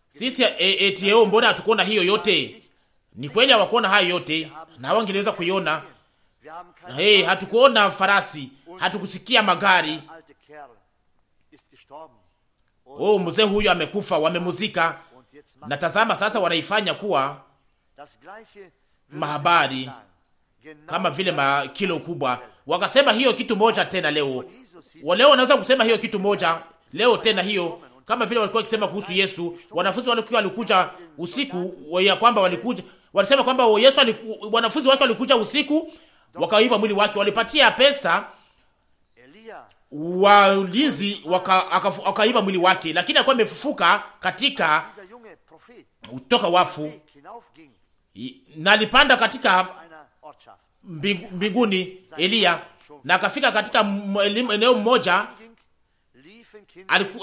Sisi e, eti yo, oh, mbona hatukuona hiyo yote? Ni kweli hawakuona hayo yote, na hawangeliweza kuiona. Hey, hatukuona farasi, hatukusikia magari Oh, mzee huyo amekufa, wamemuzika, na tazama sasa wanaifanya kuwa mahabari kama vile makilo kubwa. Wakasema hiyo kitu moja tena leo, leo wanaweza kusema hiyo kitu moja leo tena hiyo kama vile walikuwa wakisema kuhusu Yesu. Wanafunzi walikuwa walikuja usiku ya kwamba walikuja walisema kwamba Yesu aliku, wanafunzi wake walikuja usiku wakaiba mwili wake, walipatia pesa walinzi wakaiba mwili wake, lakini alikuwa amefufuka katika kutoka wafu na alipanda katika mbinguni Eliya, na akafika katika eneo mmoja.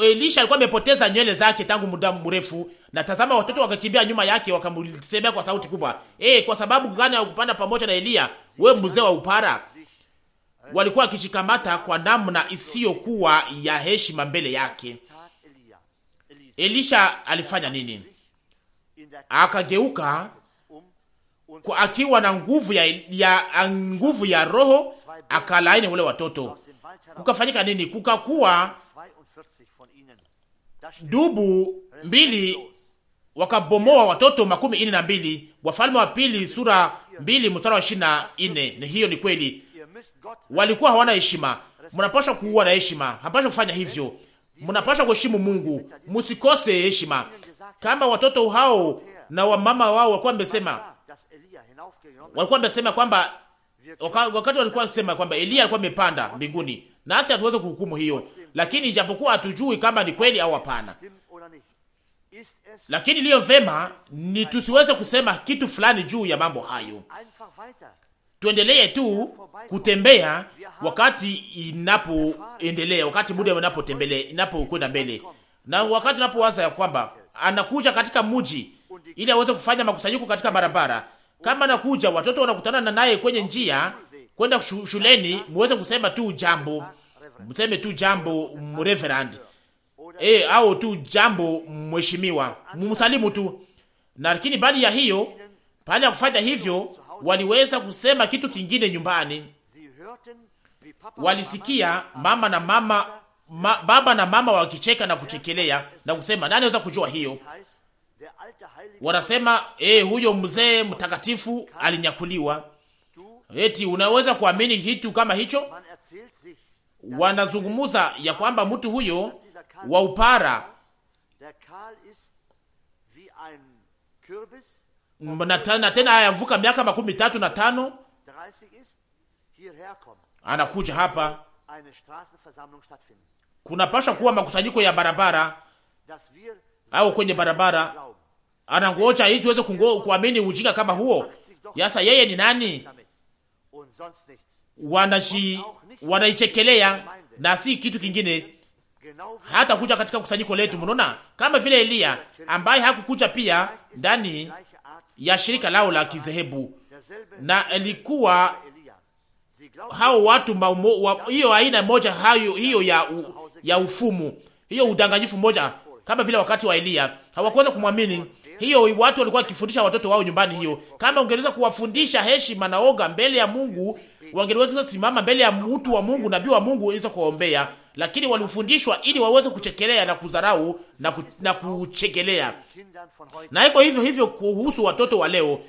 Elisha alikuwa amepoteza nywele zake tangu muda mrefu, na tazama, watoto wakakimbia nyuma yake, wakamsemea kwa sauti kubwa, e, kwa sababu gani haukupanda pamoja na Eliya, we mzee wa upara? walikuwa wakijikamata kwa namna isiyokuwa ya heshima mbele yake. Elisha alifanya nini? Akageuka kwa akiwa na nguvu ya, ya nguvu ya Roho akalaini wale watoto. Kukafanyika nini? Kukakuwa dubu mbili wakabomoa watoto makumi ine na mbili. Wafalme wa pili sura mbili mstari wa ishirini na ine. Ni hiyo ni kweli walikuwa hawana heshima. Mnapaswa kuwa na heshima, hapasha kufanya hivyo. Mnapaswa kuheshimu Mungu, msikose heshima kama watoto hao na wamama wao walikuwa wamesema, walikuwa wamesema kwamba wakati walikuwa wasema kwamba Eliya alikuwa amepanda mbinguni, nasi hatuweze kuhukumu hiyo, lakini ijapokuwa hatujui kama ni kweli au hapana, lakini liyo vema ni tusiweze kusema kitu fulani juu ya mambo hayo, tuendelee tu kutembea wakati inapoendelea, wakati muda unapotembelea inapokwenda mbele, na wakati unapowaza ya kwamba anakuja katika mji ili aweze kufanya makusanyiko katika barabara. Kama anakuja watoto wanakutana na naye kwenye njia kwenda shuleni, muweze kusema tu jambo, mseme tu jambo mreverend, eh, au tu jambo mheshimiwa, mumsalimu tu na lakini, bali ya hiyo, pale ya kufanya hivyo waliweza kusema kitu kingine nyumbani. Walisikia mama na mama ma, baba na mama wakicheka na kuchekelea na kusema, nani anaweza kujua hiyo? Wanasema eh, huyo mzee mtakatifu alinyakuliwa. Eti unaweza kuamini kitu kama hicho? Wanazungumuza ya kwamba mtu huyo wa upara na tena ayavuka miaka makumi tatu na tano anakuja hapa. Kunapasha kuwa makusanyiko ya barabara au kwenye barabara, anangoja ili tuweze kuamini ujinga kama huo. Yasa yeye ni nani? Wanaji wanaichekelea na si kitu kingine. Hata kuja katika kusanyiko letu, mnaona kama vile Eliya ambaye hakukuja pia ndani ya shirika lao la kizehebu, na ilikuwa hao watu hiyo aina moja hayo hiyo ya, u, ya ufumu hiyo udanganyifu moja, kama vile wakati wa Eliya hawakuweza kumwamini. Hiyo watu walikuwa wakifundisha watoto wao nyumbani. Hiyo kama ungeweza kuwafundisha heshima na oga mbele ya Mungu wangeliweza simama mbele ya mtu wa Mungu, nabii wa Mungu waweze kuombea, lakini walifundishwa ili waweze kuchekelea na kudharau na, ku, na kuchekelea. Na iko hivyo hivyo kuhusu watoto wa leo,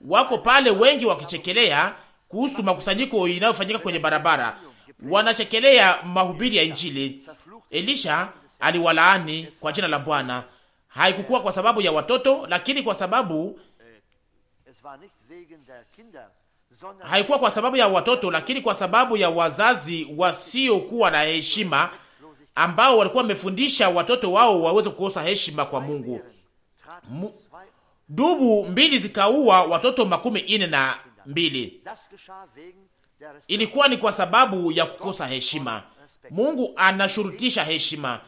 wako pale wengi wakichekelea kuhusu makusanyiko inayofanyika kwenye barabara, wanachekelea mahubiri ya Injili. Elisha aliwalaani kwa jina la Bwana. Haikukuwa kwa sababu ya watoto, lakini kwa sababu haikuwa kwa sababu ya watoto, lakini kwa sababu ya wazazi wasiokuwa na heshima ambao walikuwa wamefundisha watoto wao waweze kukosa heshima kwa Mungu. M dubu mbili zikaua watoto makumi ine na mbili. Ilikuwa ni kwa sababu ya kukosa heshima. Mungu anashurutisha heshima.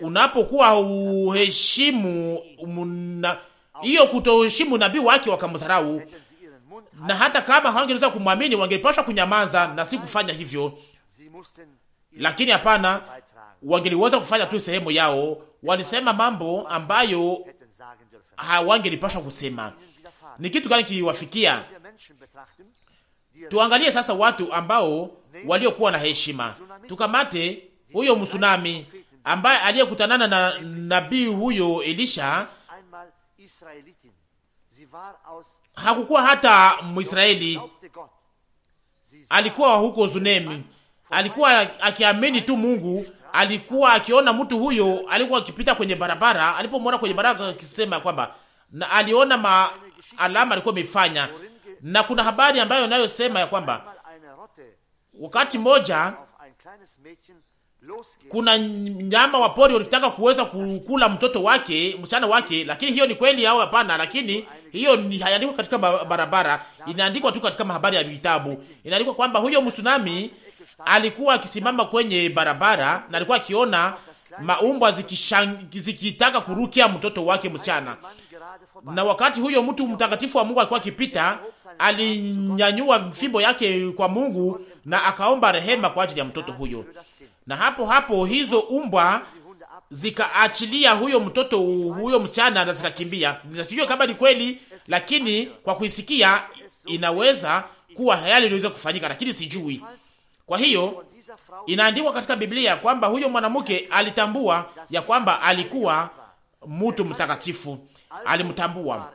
Unapokuwa uheshimu muna hiyo kutoheshimu nabii wake wakamdharau, na hata kama hawangeweza kumwamini wangepashwa kunyamaza na si kufanya hivyo, lakini hapana, wangeliweza kufanya tu sehemu yao. Walisema mambo ambayo hawangelipashwa kusema. Ni kitu gani kiliwafikia? Tuangalie sasa watu ambao waliokuwa na heshima. Tukamate huyo msunami ambaye aliyekutanana na nabii huyo Elisha hakukuwa hata Mwisraeli, alikuwa huko Zunemi, alikuwa akiamini tu Mungu. Alikuwa akiona mtu huyo, alikuwa akipita kwenye barabara, alipomwona kwenye barabara akisema kwamba na aliona ma alama alikuwa imefanya, na kuna habari ambayo inayosema ya kwamba wakati mmoja kuna nyama wa pori walitaka kuweza kukula mtoto wake msichana wake, lakini hiyo ni kweli au hapana? Lakini hiyo ni haiandikwa katika barabara, inaandikwa tu katika mahabari ya vitabu. Inaandikwa kwamba huyo msunami alikuwa akisimama kwenye barabara na alikuwa akiona maumbwa zikitaka kurukia mtoto wake msichana, na wakati huyo mtu mtakatifu wa Mungu alikuwa akipita, alinyanyua fimbo yake kwa Mungu na akaomba rehema kwa ajili ya mtoto huyo na hapo hapo hizo umbwa zikaachilia huyo mtoto huyo msichana na zikakimbia. Sijui kama ni kweli, lakini kwa kuisikia inaweza kuwa hayali iliweza kufanyika, lakini sijui. Kwa hiyo inaandikwa katika Biblia kwamba huyo mwanamke alitambua ya kwamba alikuwa mtu mtakatifu, alimtambua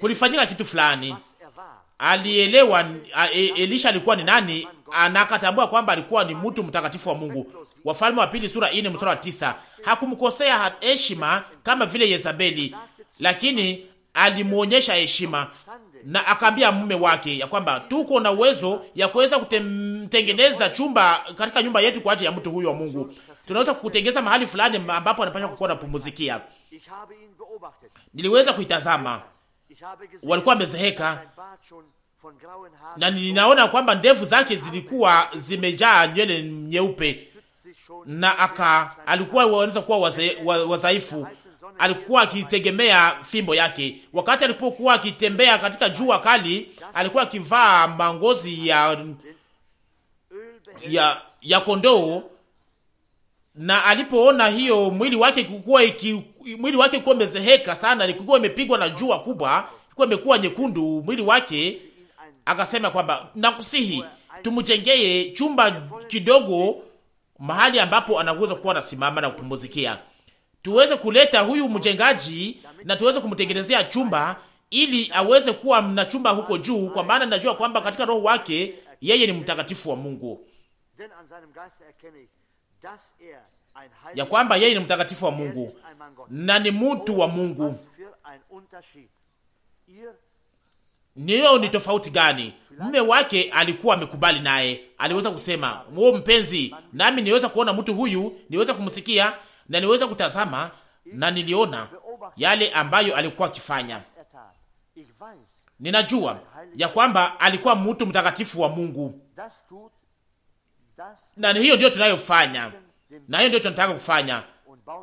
kulifanyika kitu fulani, alielewa e, Elisha alikuwa ni nani anakatambua kwamba alikuwa ni mtu mtakatifu wa Mungu. Wafalme wa pili sura 4 mstari wa tisa. Hakumkosea heshima kama vile Yezabeli, lakini alimuonyesha heshima na akaambia mume wake ya kwamba tuko na uwezo ya kuweza kutengeneza chumba katika nyumba yetu kwa ajili ya mtu huyu wa Mungu. Tunaweza kutengeneza mahali fulani ambapo anapaswa kukuwa napumuzikia. Niliweza kuitazama, walikuwa wamezeheka, na ninaona kwamba ndevu zake zilikuwa zimejaa nywele nyeupe, na aka alikuwa anaweza kuwa wadhaifu, alikuwa akitegemea fimbo yake. Wakati alipokuwa akitembea katika jua kali, alikuwa akivaa mangozi ya ya, ya kondoo, na alipoona hiyo mwili wake kukua iki, mwili wake kuwa imezeheka sana, ilikuwa imepigwa na jua kubwa, ilikuwa imekuwa nyekundu mwili wake akasema kwamba nakusihi tumjengee chumba kidogo mahali ambapo anaweza kuwa anasimama na kupumzikia, tuweze kuleta huyu mjengaji na tuweze kumtengenezea chumba ili aweze kuwa na chumba huko juu, kwa maana najua kwamba katika roho wake yeye ni mtakatifu wa Mungu, er ya kwamba yeye ni mtakatifu wa er Mungu na ni mtu wa Mungu niyo ni tofauti gani? Mume wake alikuwa amekubali naye, aliweza kusema o, mpenzi, nami niweza kuona mtu huyu, niweza kumsikia na niweza kutazama, na niliona yale ambayo alikuwa akifanya. Ninajua ya kwamba alikuwa mtu mtakatifu wa Mungu, na hiyo ndio tunayofanya, na hiyo ndio tunataka kufanya.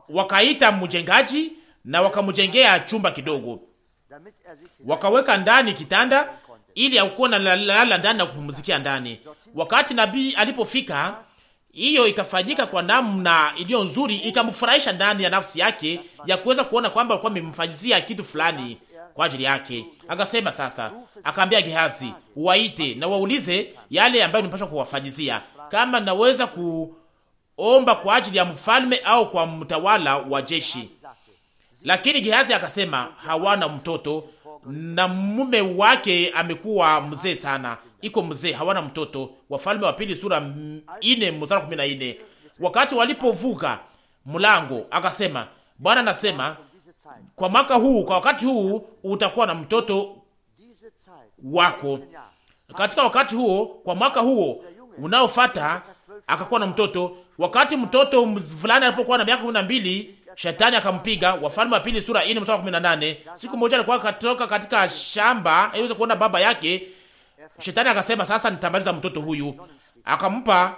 Wakaita mjengaji na wakamjengea chumba kidogo wakaweka ndani kitanda ili akuwa na lala ndani na kupumzikia ndani. Wakati nabii alipofika, hiyo ikafanyika kwa namna iliyo nzuri, ikamfurahisha ndani ya nafsi yake ya kuweza kuona kwamba alikuwa amemfanyizia kitu fulani kwa ajili yake. Akasema sasa, akaambia Gehazi, waite na waulize yale ambayo nimepasha kuwafanyizia, kama naweza kuomba kwa ajili ya mfalme au kwa mtawala wa jeshi. Lakini Gehazi akasema hawana mtoto na mume wake amekuwa mzee sana, iko mzee, hawana mtoto. Wafalme wa Pili sura 4 mstari kumi na Wakati walipovuka mlango akasema, Bwana anasema kwa mwaka huu, kwa wakati huu utakuwa na mtoto wako. Katika wakati huo, kwa mwaka huo unaofuata, akakuwa na mtoto. Wakati mtoto fulani alipokuwa na miaka kumi na mbili shetani akampiga. Wafalme wa pili sura ine mstari wa nane. Siku moja alikuwa katoka katika shamba aliweza kuona baba yake. Shetani akasema sasa nitamaliza mtoto huyu, akampa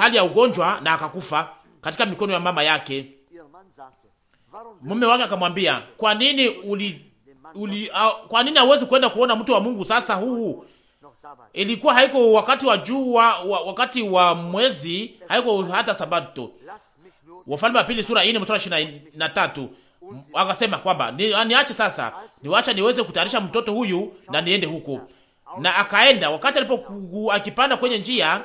hali ya ugonjwa na akakufa katika mikono ya mama yake. Mume wake akamwambia, kwa nini uli, uli kwa nini kwenda kuona mtu wa Mungu? Sasa huu ilikuwa haiko wakati wa jua wa, wakati wa mwezi haiko hata Sabato. Wafalme wa pili sura 4 mstari ishirini na akasema kwamba niache sasa, niwacha niweze kutayarisha mtoto huyu na niende huko. Na akaenda, wakati alipo akipanda kwenye njia,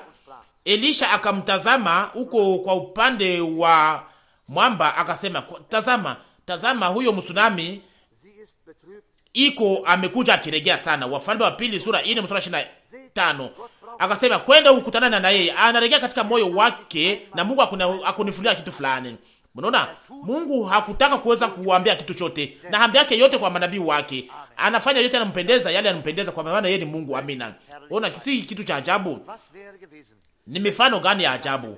Elisha akamtazama huko kwa upande wa mwamba, akasema tazama, tazama huyo msunami iko amekuja akiregea sana. Wafalme wa pili sura 4 mstari ishirini akasema kwenda ukutanana na yeye, anarejea katika moyo wake, na Mungu hakunifunulia kitu fulani. Mnaona, Mungu hakutaka kuweza kuambia kitu chote, na hambi yake yote kwa manabii wake, anafanya yote, anampendeza yale anampendeza, kwa maana yeye ni Mungu. Amina. Ona, si kitu cha ajabu? Ni mifano gani ya ajabu?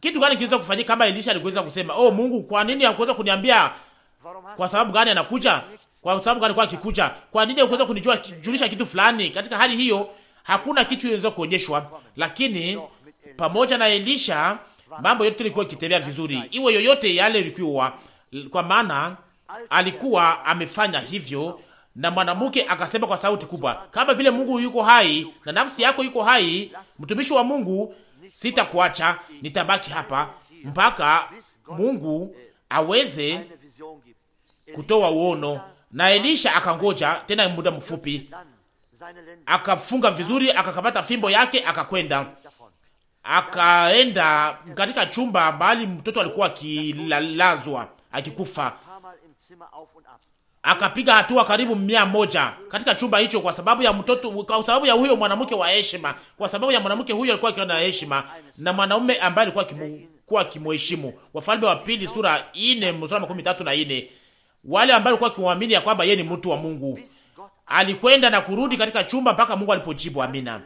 Kitu gani kiliweza kufanyika kama Elisha alikuweza kusema, oh Mungu, kwa nini hakuweza kuniambia? Kwa sababu gani anakuja? Kwa sababu gani kwa kikuja? Kwa nini hakuweza kunijua kunijulisha kitu fulani? Katika hali hiyo hakuna kitu iliweza kuonyeshwa, lakini pamoja na Elisha mambo yote ilikuwa ikitembea vizuri, iwe yoyote yale ilikuwa, kwa maana alikuwa amefanya hivyo. Na mwanamke akasema kwa sauti kubwa, kama vile Mungu yuko hai na nafsi yako yuko hai, mtumishi wa Mungu, sitakuacha, nitabaki hapa mpaka Mungu aweze kutoa uono. Na Elisha akangoja tena muda mfupi, akafunga vizuri, akakamata fimbo yake, akakwenda akaenda katika chumba mbali mtoto alikuwa akilalazwa akikufa. Akapiga hatua karibu mia moja katika chumba hicho, kwa sababu ya mtoto, kwa sababu ya huyo mwanamke wa heshima, kwa sababu ya mwanamke huyo alikuwa akiwa na heshima na mwanaume ambaye alikuwa akimheshimu. Wafalme wa Pili sura ine mstari makumi tatu na ine wale ambao walikuwa wakimwamini ya kwamba yeye ni mtu wa Mungu alikwenda na kurudi katika chumba mpaka Mungu alipojibu amina,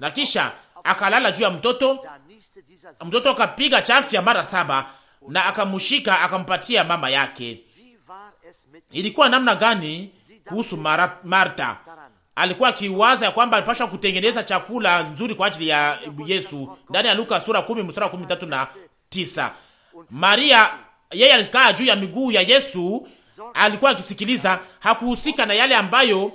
na kisha akalala juu ya mtoto. Mtoto akapiga chafya mara saba na akamshika akampatia mama yake. Ilikuwa namna gani kuhusu Marta? Alikuwa akiwaza ya kwamba alipashwa kutengeneza chakula nzuri kwa ajili ya Yesu ndani ya Luka sura 10 mstari wa 13 na tisa. Maria yeye alikaa juu ya miguu ya Yesu, alikuwa akisikiliza, hakuhusika na yale ambayo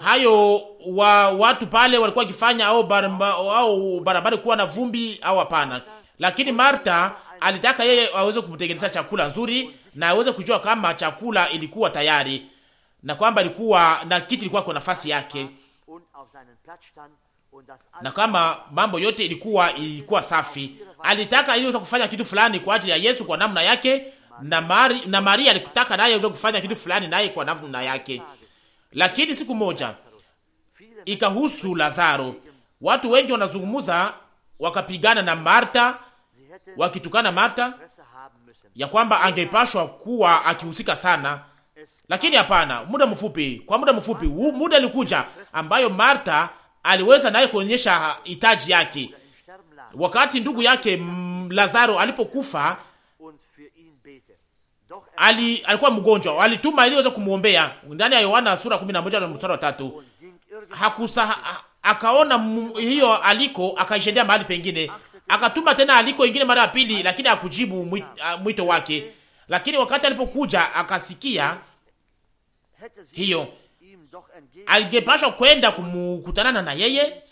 hayo wa watu pale walikuwa wakifanya au, barabara bar, kuwa na vumbi au hapana, lakini Marta alitaka yeye aweze kumtengeneza chakula nzuri na aweze kujua kama chakula ilikuwa tayari na kwamba ilikuwa na kiti ilikuwa kwa nafasi yake na kama mambo yote ilikuwa ilikuwa safi. Alitaka iliweza kufanya kitu fulani kwa ajili ya Yesu kwa namna yake, na Mari, na Maria alitaka naye aweze kufanya kitu fulani naye kwa namna yake. Lakini siku moja ikahusu Lazaro. Watu wengi wanazungumuza wakapigana na Marta, wakitukana Marta ya kwamba angepashwa kuwa akihusika sana, lakini hapana. Muda mfupi, kwa muda mfupi, muda alikuja ambayo Marta aliweza naye kuonyesha hitaji yake, wakati ndugu yake Lazaro alipokufa ali, alikuwa mgonjwa, alituma ili waweze kumwombea. Ndani ya Yohana sura 11 na mstari wa 3, hakusa akaona m, hiyo aliko, akaishendea mahali pengine, akatuma tena aliko ingine mara ya pili, lakini hakujibu mwito, wake. Lakini wakati alipokuja akasikia hiyo, alingepashwa kwenda kumukutanana na yeye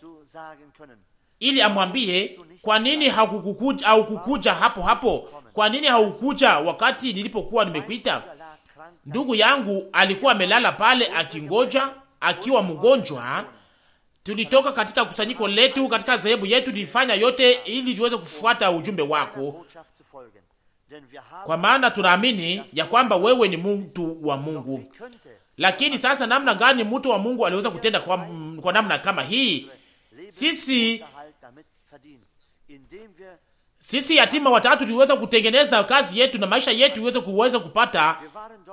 ili amwambie kwa nini haukukuja, haukukuja hapo hapo kwa nini haukuja wakati nilipokuwa nimekuita? Ndugu yangu alikuwa amelala pale akingoja, akiwa mgonjwa. Tulitoka katika kusanyiko letu, katika dhehebu yetu, tulifanya yote ili tuweze kufuata ujumbe wako, kwa maana tunaamini ya kwamba wewe ni mtu wa Mungu. Lakini sasa namna gani mtu wa Mungu aliweza kutenda kwa, kwa namna kama hii? Sisi sisi yatima watatu tuliweza kutengeneza kazi yetu na maisha yetu iweze kuweza kupata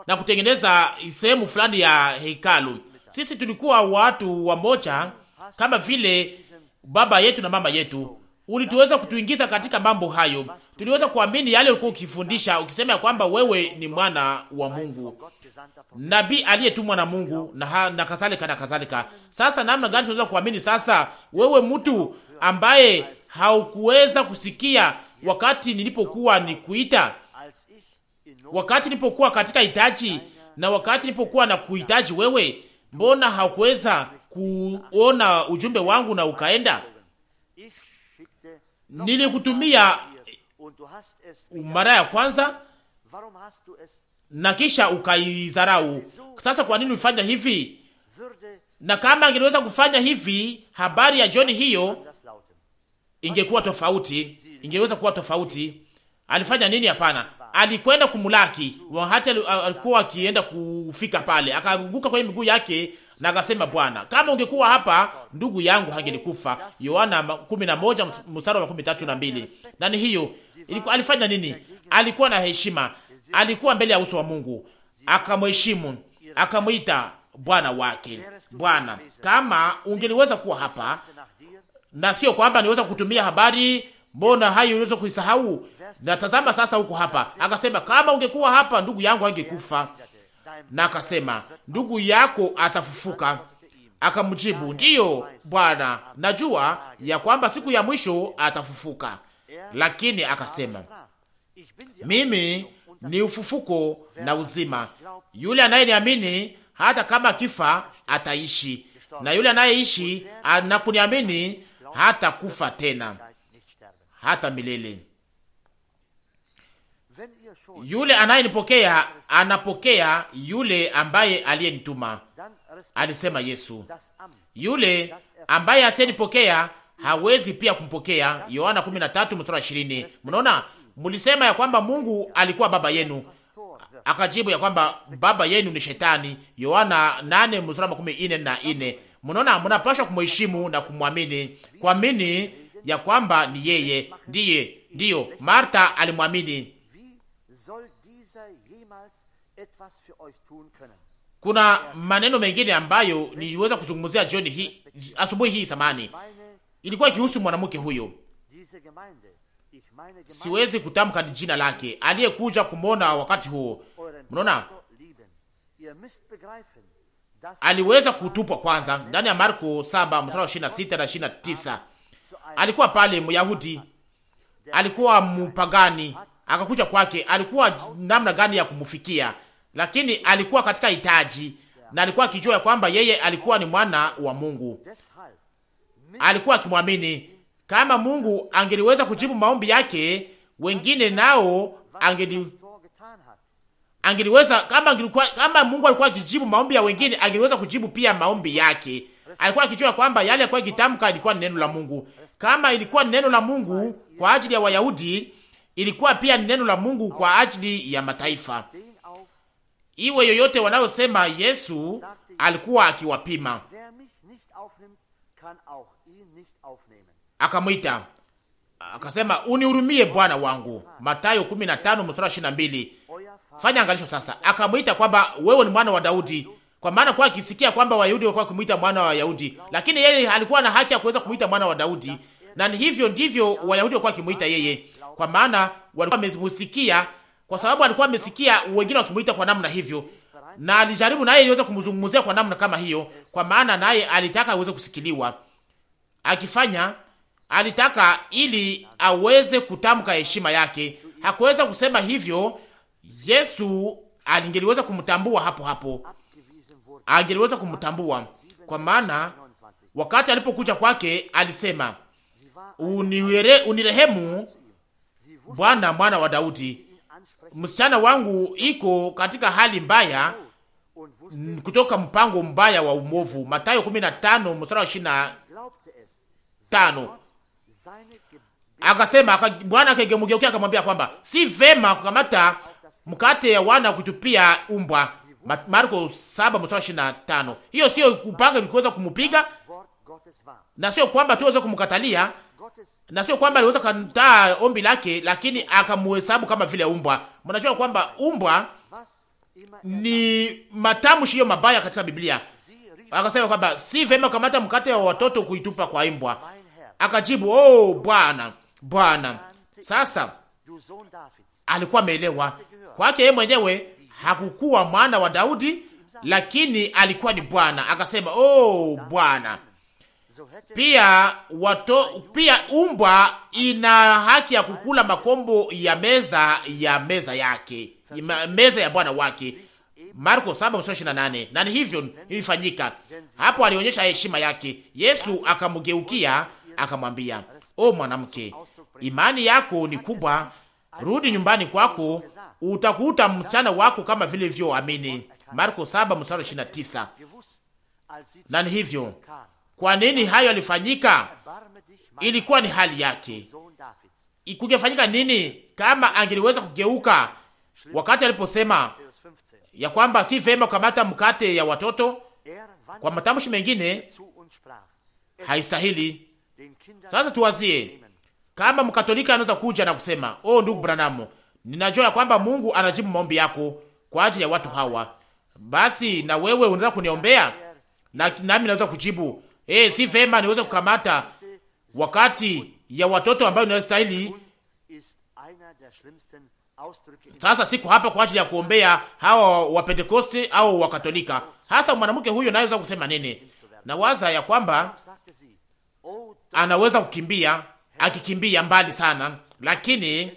na kutengeneza sehemu fulani ya hekalu. Sisi tulikuwa watu wa moja kama vile baba yetu na mama yetu. Ulituweza kutuingiza katika mambo hayo. Tuliweza kuamini yale ulikuwa ukifundisha ukisema ya kwamba wewe ni mwana wa Mungu. Nabii aliyetumwa na Mungu na na kadhalika na kadhalika. Sasa namna gani tunaweza kuamini sasa wewe mtu ambaye haukuweza kusikia wakati nilipokuwa nikuita, wakati nilipokuwa katika hitaji na wakati nilipokuwa na kuhitaji wewe, mbona hakuweza kuona ujumbe wangu na ukaenda? Nilikutumia mara ya kwanza na kisha ukaizarau. Sasa kwa nini ulifanya hivi? Na kama angeliweza kufanya hivi, habari ya John hiyo ingekuwa tofauti, ingeweza kuwa tofauti. Alifanya nini? Hapana, alikwenda kumulaki wakati alikuwa akienda kufika pale, akaanguka kwenye miguu yake na akasema, Bwana, kama ungekuwa hapa ndugu yangu hangenikufa. Yohana 11 mstari wa 13 na 2. Nani hiyo ilikuwa, alifanya nini? Alikuwa na heshima, alikuwa mbele ya uso wa Mungu, akamheshimu, akamwita bwana wake. Bwana, kama ungeliweza kuwa hapa na sio kwamba niweza kutumia habari, mbona hayo unaweza kuisahau? Na tazama sasa, huko hapa akasema, kama ungekuwa hapa ndugu yangu angekufa. Na akasema ndugu yako atafufuka. Akamjibu, ndiyo Bwana, najua ya kwamba siku ya mwisho atafufuka. Lakini akasema mimi ni ufufuko na uzima, yule anayeniamini hata kama kifa ataishi, na yule anayeishi na kuniamini hata kufa tena hata milele. Yule anayenipokea anapokea yule ambaye aliyenituma, alisema Yesu. Yule ambaye asiyenipokea hawezi pia kumpokea. Yohana 13 mstari 20. Mnaona, mlisema ya kwamba Mungu alikuwa baba yenu, akajibu ya kwamba baba yenu ni Shetani. Yohana 8 mstari 44. Mnaona, mnapasha kumheshimu na kumwamini, kuamini ya kwamba ni yeye ndiye. Ndiyo, Martha alimwamini. Kuna maneno mengine ambayo niliweza kuzungumzia jioni hii, asubuhi hii, samani, ilikuwa ikihusu mwanamke huyo, siwezi kutamka jina lake, aliyekuja kumwona wakati huo. Mnaona aliweza kutupwa kwanza ndani ya Marko saba mstari wa na Alikuwa pale Myahudi, alikuwa mpagani, akakuja kwake. Alikuwa namna gani ya kumfikia, lakini alikuwa katika hitaji na alikuwa akijua ya kwamba yeye alikuwa ni mwana wa Mungu. Alikuwa akimwamini kama Mungu angeliweza kujibu maombi yake, wengine nao angeli angeliweza kama angilikuwa kama Mungu alikuwa akijibu maombi ya wengine, angeliweza kujibu pia maombi yake. Alikuwa akijua kwamba yale alikuwa akitamka ilikuwa ni neno la Mungu. Kama ilikuwa ni neno la Mungu kwa ajili ya Wayahudi, ilikuwa pia ni neno la Mungu kwa ajili ya mataifa. Iwe yoyote wanayosema Yesu alikuwa akiwapima, akamwita akasema, unihurumie Bwana wangu, Mathayo 15 mstari 22. Fanya angalisho sasa. Akamwita kwamba wewe ni mwana wa Daudi. Kwa maana kwa akisikia kwamba Wayahudi walikuwa kumwita mwana wa Yahudi, lakini yeye alikuwa na haki ya kuweza kumwita mwana wa Daudi. Na ni hivyo ndivyo Wayahudi walikuwa wakimwita yeye. Kwa maana walikuwa wamemsikia kwa sababu alikuwa amesikia wengine wakimwita kwa namna hivyo. Na alijaribu naye iweze kumzungumzia kwa namna kama hiyo, kwa maana naye alitaka aweze kusikiliwa. Akifanya alitaka ili aweze kutamka heshima yake. Hakuweza kusema hivyo Yesu alingeliweza kumtambua hapo hapo, angeliweza kumtambua kwa maana wakati alipokuja kwake alisema, Unire, unirehemu Bwana, mwana wa Daudi, msichana wangu iko katika hali mbaya kutoka mpango mbaya wa umovu. Mathayo 15 mstari wa 25. Akasema Bwana akagemgeukia akamwambia kwamba si vema kukamata mkate ya wana kutupia umbwa, Marko saba mstari ishirini tano. Hiyo sio kupanga kuweza kumupiga na sio kwamba tuweze kumkatalia na sio kwamba aliweza kukataa ombi lake, lakini akamhesabu kama vile umbwa. Mnajua kwamba umbwa ni matamshi hiyo mabaya katika Biblia. Akasema kwamba si vema kamata mkate wa watoto kuitupa kwa imbwa. Akajibu, oh Bwana, Bwana. Sasa alikuwa ameelewa kwake yeye mwenyewe hakukuwa mwana wa Daudi, lakini alikuwa ni Bwana. Akasema oh, Bwana pia wato, pia umbwa ina haki ya kukula makombo ya meza ya meza yake meza ya bwana wake. Marko 7:28. Na hivyo ilifanyika hapo, alionyesha heshima yake. Yesu akamgeukia akamwambia, o oh, mwanamke, imani yako ni kubwa, rudi nyumbani kwako utakuta msichana wako kama vile vyo amini. Marko saba mstari ishirini na tisa. Na ni hivyo. Kwa nini hayo alifanyika? Ilikuwa ni hali yake. Ikungefanyika nini kama angeliweza kugeuka wakati aliposema ya kwamba si vema kukamata mkate ya watoto? Kwa matamshi mengine, haistahili. Sasa tuwazie kama mkatolika anaweza kuja na kusema oh, ndugu Branamu, Ninajua ya kwamba Mungu anajibu maombi yako kwa ajili ya watu hawa. Basi na wewe unaweza kuniombea, na, nami naweza kujibu eh, si vema niweze kukamata wakati ya watoto ambao ninastahili. Sasa siku hapa kwa ajili ya kuombea hawa wa Pentekoste au wa Katolika, hasa mwanamke huyo naweza kusema nini na waza ya kwamba anaweza kukimbia, akikimbia mbali sana, lakini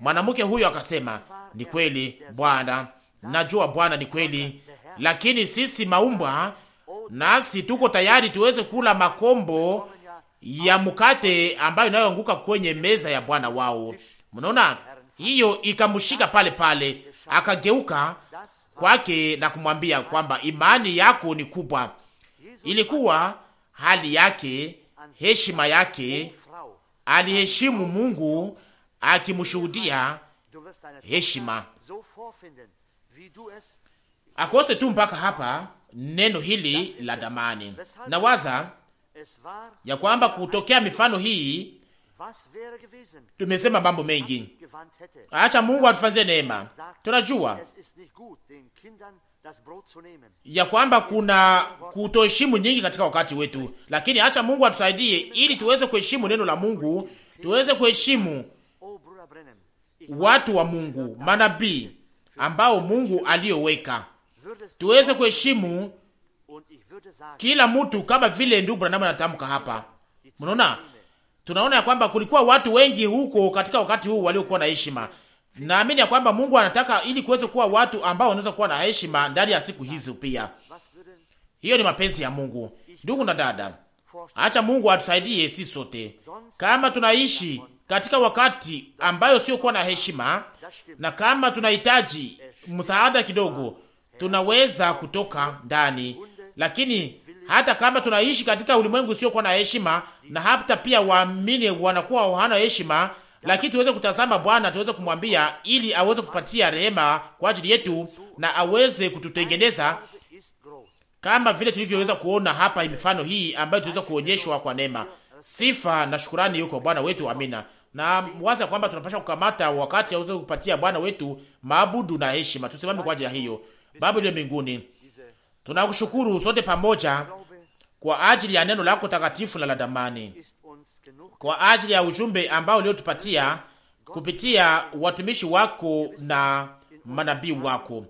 Mwanamke huyo akasema, ni kweli Bwana, najua Bwana, ni kweli, lakini sisi maumbwa nasi tuko tayari tuweze kula makombo ya mkate ambayo inayoanguka kwenye meza ya bwana wao. Mnaona hiyo, ikamshika pale pale, akageuka kwake na kumwambia kwamba imani yako ni kubwa. Ilikuwa hali yake, heshima yake, aliheshimu Mungu akimshuhudia heshima. Akose tu mpaka hapa neno hili la damani, na waza ya kwamba kutokea mifano hii tumesema mambo mengi. Er acha Mungu atufanzie neema. Er Tunajua ya kwamba kuna kutoheshimu nyingi katika wakati wetu, lakini acha Mungu atusaidie ili tuweze kuheshimu neno la Mungu, tuweze kuheshimu watu wa Mungu, manabii ambao Mungu aliyoweka, tuweze kuheshimu kila mtu kama vile ndugu Branham anatamka hapa. Mnaona, tunaona ya kwamba kulikuwa watu wengi huko katika wakati huu waliokuwa na heshima. Naamini ya kwamba Mungu anataka ili kuweze kuwa watu ambao wanaweza kuwa na heshima ndani ya siku hizi pia. Hiyo ni mapenzi ya Mungu, ndugu na dada. Acha Mungu atusaidie sisi sote, kama tunaishi katika wakati ambayo siokuwa na heshima, na kama tunahitaji msaada kidogo, tunaweza kutoka ndani. Lakini hata kama tunaishi katika ulimwengu usiokuwa na heshima, na hata pia waamini wanakuwa hawana heshima, lakini tuweze kutazama Bwana, tuweze kumwambia ili aweze kupatia rehema kwa ajili yetu na aweze kututengeneza kama vile tulivyoweza kuona hapa mifano hii ambayo tuliweza kuonyeshwa kwa neema. Sifa na shukurani yuko Bwana wetu, amina na waza kwamba tunapasha kukamata wakati auze kupatia Bwana wetu maabudu na heshima. Tusimame kwa ajili ya hiyo. Baba ile mbinguni, tunakushukuru sote pamoja kwa ajili ya neno lako takatifu na la damani, kwa ajili ya ujumbe ambao uliotupatia kupitia watumishi wako na manabii wako.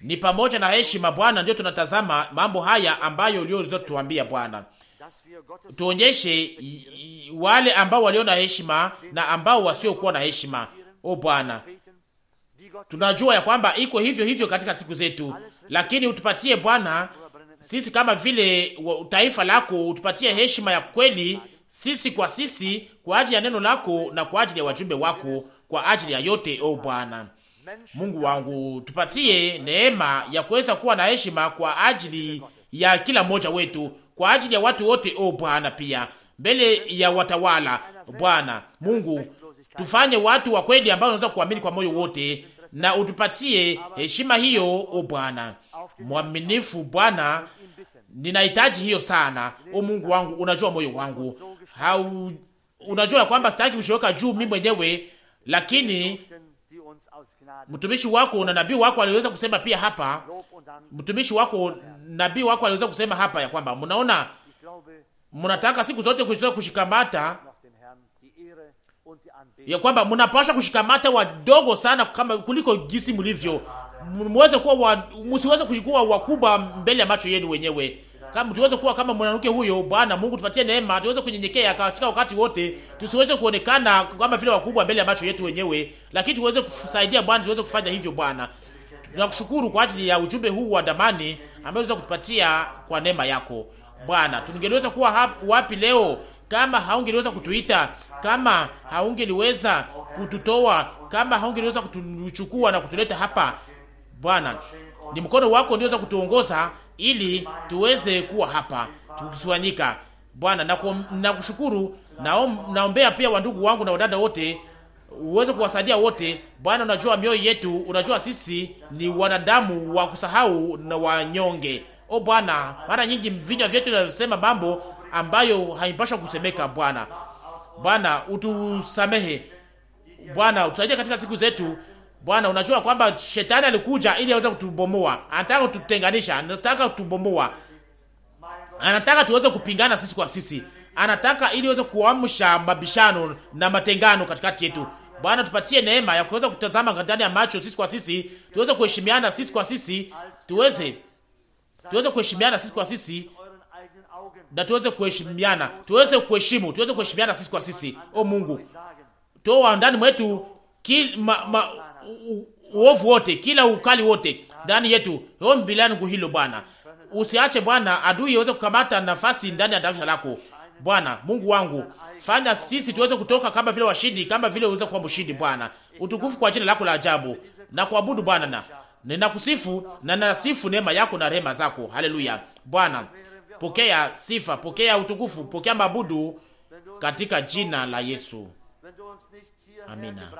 Ni pamoja na heshima Bwana, ndio tunatazama mambo haya ambayo uliozotuambia Bwana tuonyeshe wale ambao walio na heshima na ambao wasiokuwa na heshima. O Bwana, tunajua ya kwamba iko hivyo hivyo katika siku zetu, lakini utupatie Bwana, sisi kama vile taifa lako, utupatie heshima ya kweli sisi kwa sisi, kwa ajili ya neno lako na kwa ajili ya wajumbe wako, kwa ajili ya yote. O Bwana Mungu wangu, tupatie neema ya kuweza kuwa na heshima kwa ajili ya kila mmoja wetu kwa ajili ya watu wote, o Bwana, pia mbele ya watawala. Bwana Mungu, tufanye watu wa kweli ambao wanaweza kuamini kwa moyo wote, na utupatie heshima hiyo, o Bwana mwaminifu. Bwana, ninahitaji hiyo sana. O Mungu wangu, unajua moyo wangu hau, unajua kwamba sitaki kushoweka juu mimi mwenyewe, lakini mtumishi wako na nabii wako aliweza kusema pia hapa, mtumishi wako nabii wako aliweza kusema hapa ya kwamba mnaona, mnataka siku zote kuzoea kushikamata ya kwamba mnapasha kushikamata wadogo sana kama kuliko jinsi mlivyo, mweze kuwa, wa, msiweze kuchukua wakubwa mbele ya macho yenu wenyewe kama tuweze kuwa kama mwanamke huyo. Bwana Mungu tupatie neema, tuweze kunyenyekea katika wakati wote, tusiweze kuonekana kama vile wakubwa mbele ya macho yetu wenyewe, lakini tuweze kusaidia Bwana, tuweze kufanya hivyo Bwana. Tunakushukuru kwa ajili ya ujumbe huu wa damani ambao unaweza kutupatia kwa neema yako Bwana. Tungeliweza kuwa hapa wapi leo kama haungeliweza kutuita, kama haungeliweza kututoa, kama haungeliweza kutuchukua na kutuleta hapa Bwana. Ni mkono wako unaweza kutuongoza ili tuweze kuwa hapa tukusanyika Bwana. Nakushukuru na naombea pia wandugu wangu na wadada wote uweze kuwasaidia wote. Bwana, unajua mioyo yetu, unajua sisi ni wanadamu wa kusahau na wanyonge. O Bwana, mara nyingi vinywa vyetu vinasema mambo ambayo haipashwa kusemeka. Bwana, Bwana utusamehe Bwana, utusaidie katika siku zetu. Bwana, unajua kwamba shetani alikuja ili aweze kutubomoa, anataka kututenganisha, anataka kutubomoa, anataka tuweze kupingana sisi kwa sisi anataka ili uweze kuamsha mabishano na matengano katikati yetu. Bwana, tupatie neema ya kuweza kutazama ndani ya macho sisi kwa sisi, tuweze kuheshimiana sisi kwa sisi, tuweze tuweze kuheshimiana sisi kwa sisi na tuweze kuheshimiana, tuweze kuheshimu, tuweze kuheshimiana sisi kwa sisi. O Mungu, toa ndani mwetu kil, ma, ma, uovu wote, kila ukali wote ndani yetu. Ombi langu hilo Bwana, usiache Bwana adui aweze kukamata nafasi ndani ya darasha lako. Bwana Mungu wangu, fanya sisi tuweze kutoka kama vile washindi, kama vile uweze kuwa mshindi. Bwana, utukufu kwa jina lako la ajabu na kuabudu Bwana, na ninakusifu na nasifu neema yako na rehema zako. Haleluya Bwana, pokea sifa, pokea utukufu, pokea mabudu katika jina la Yesu, amina.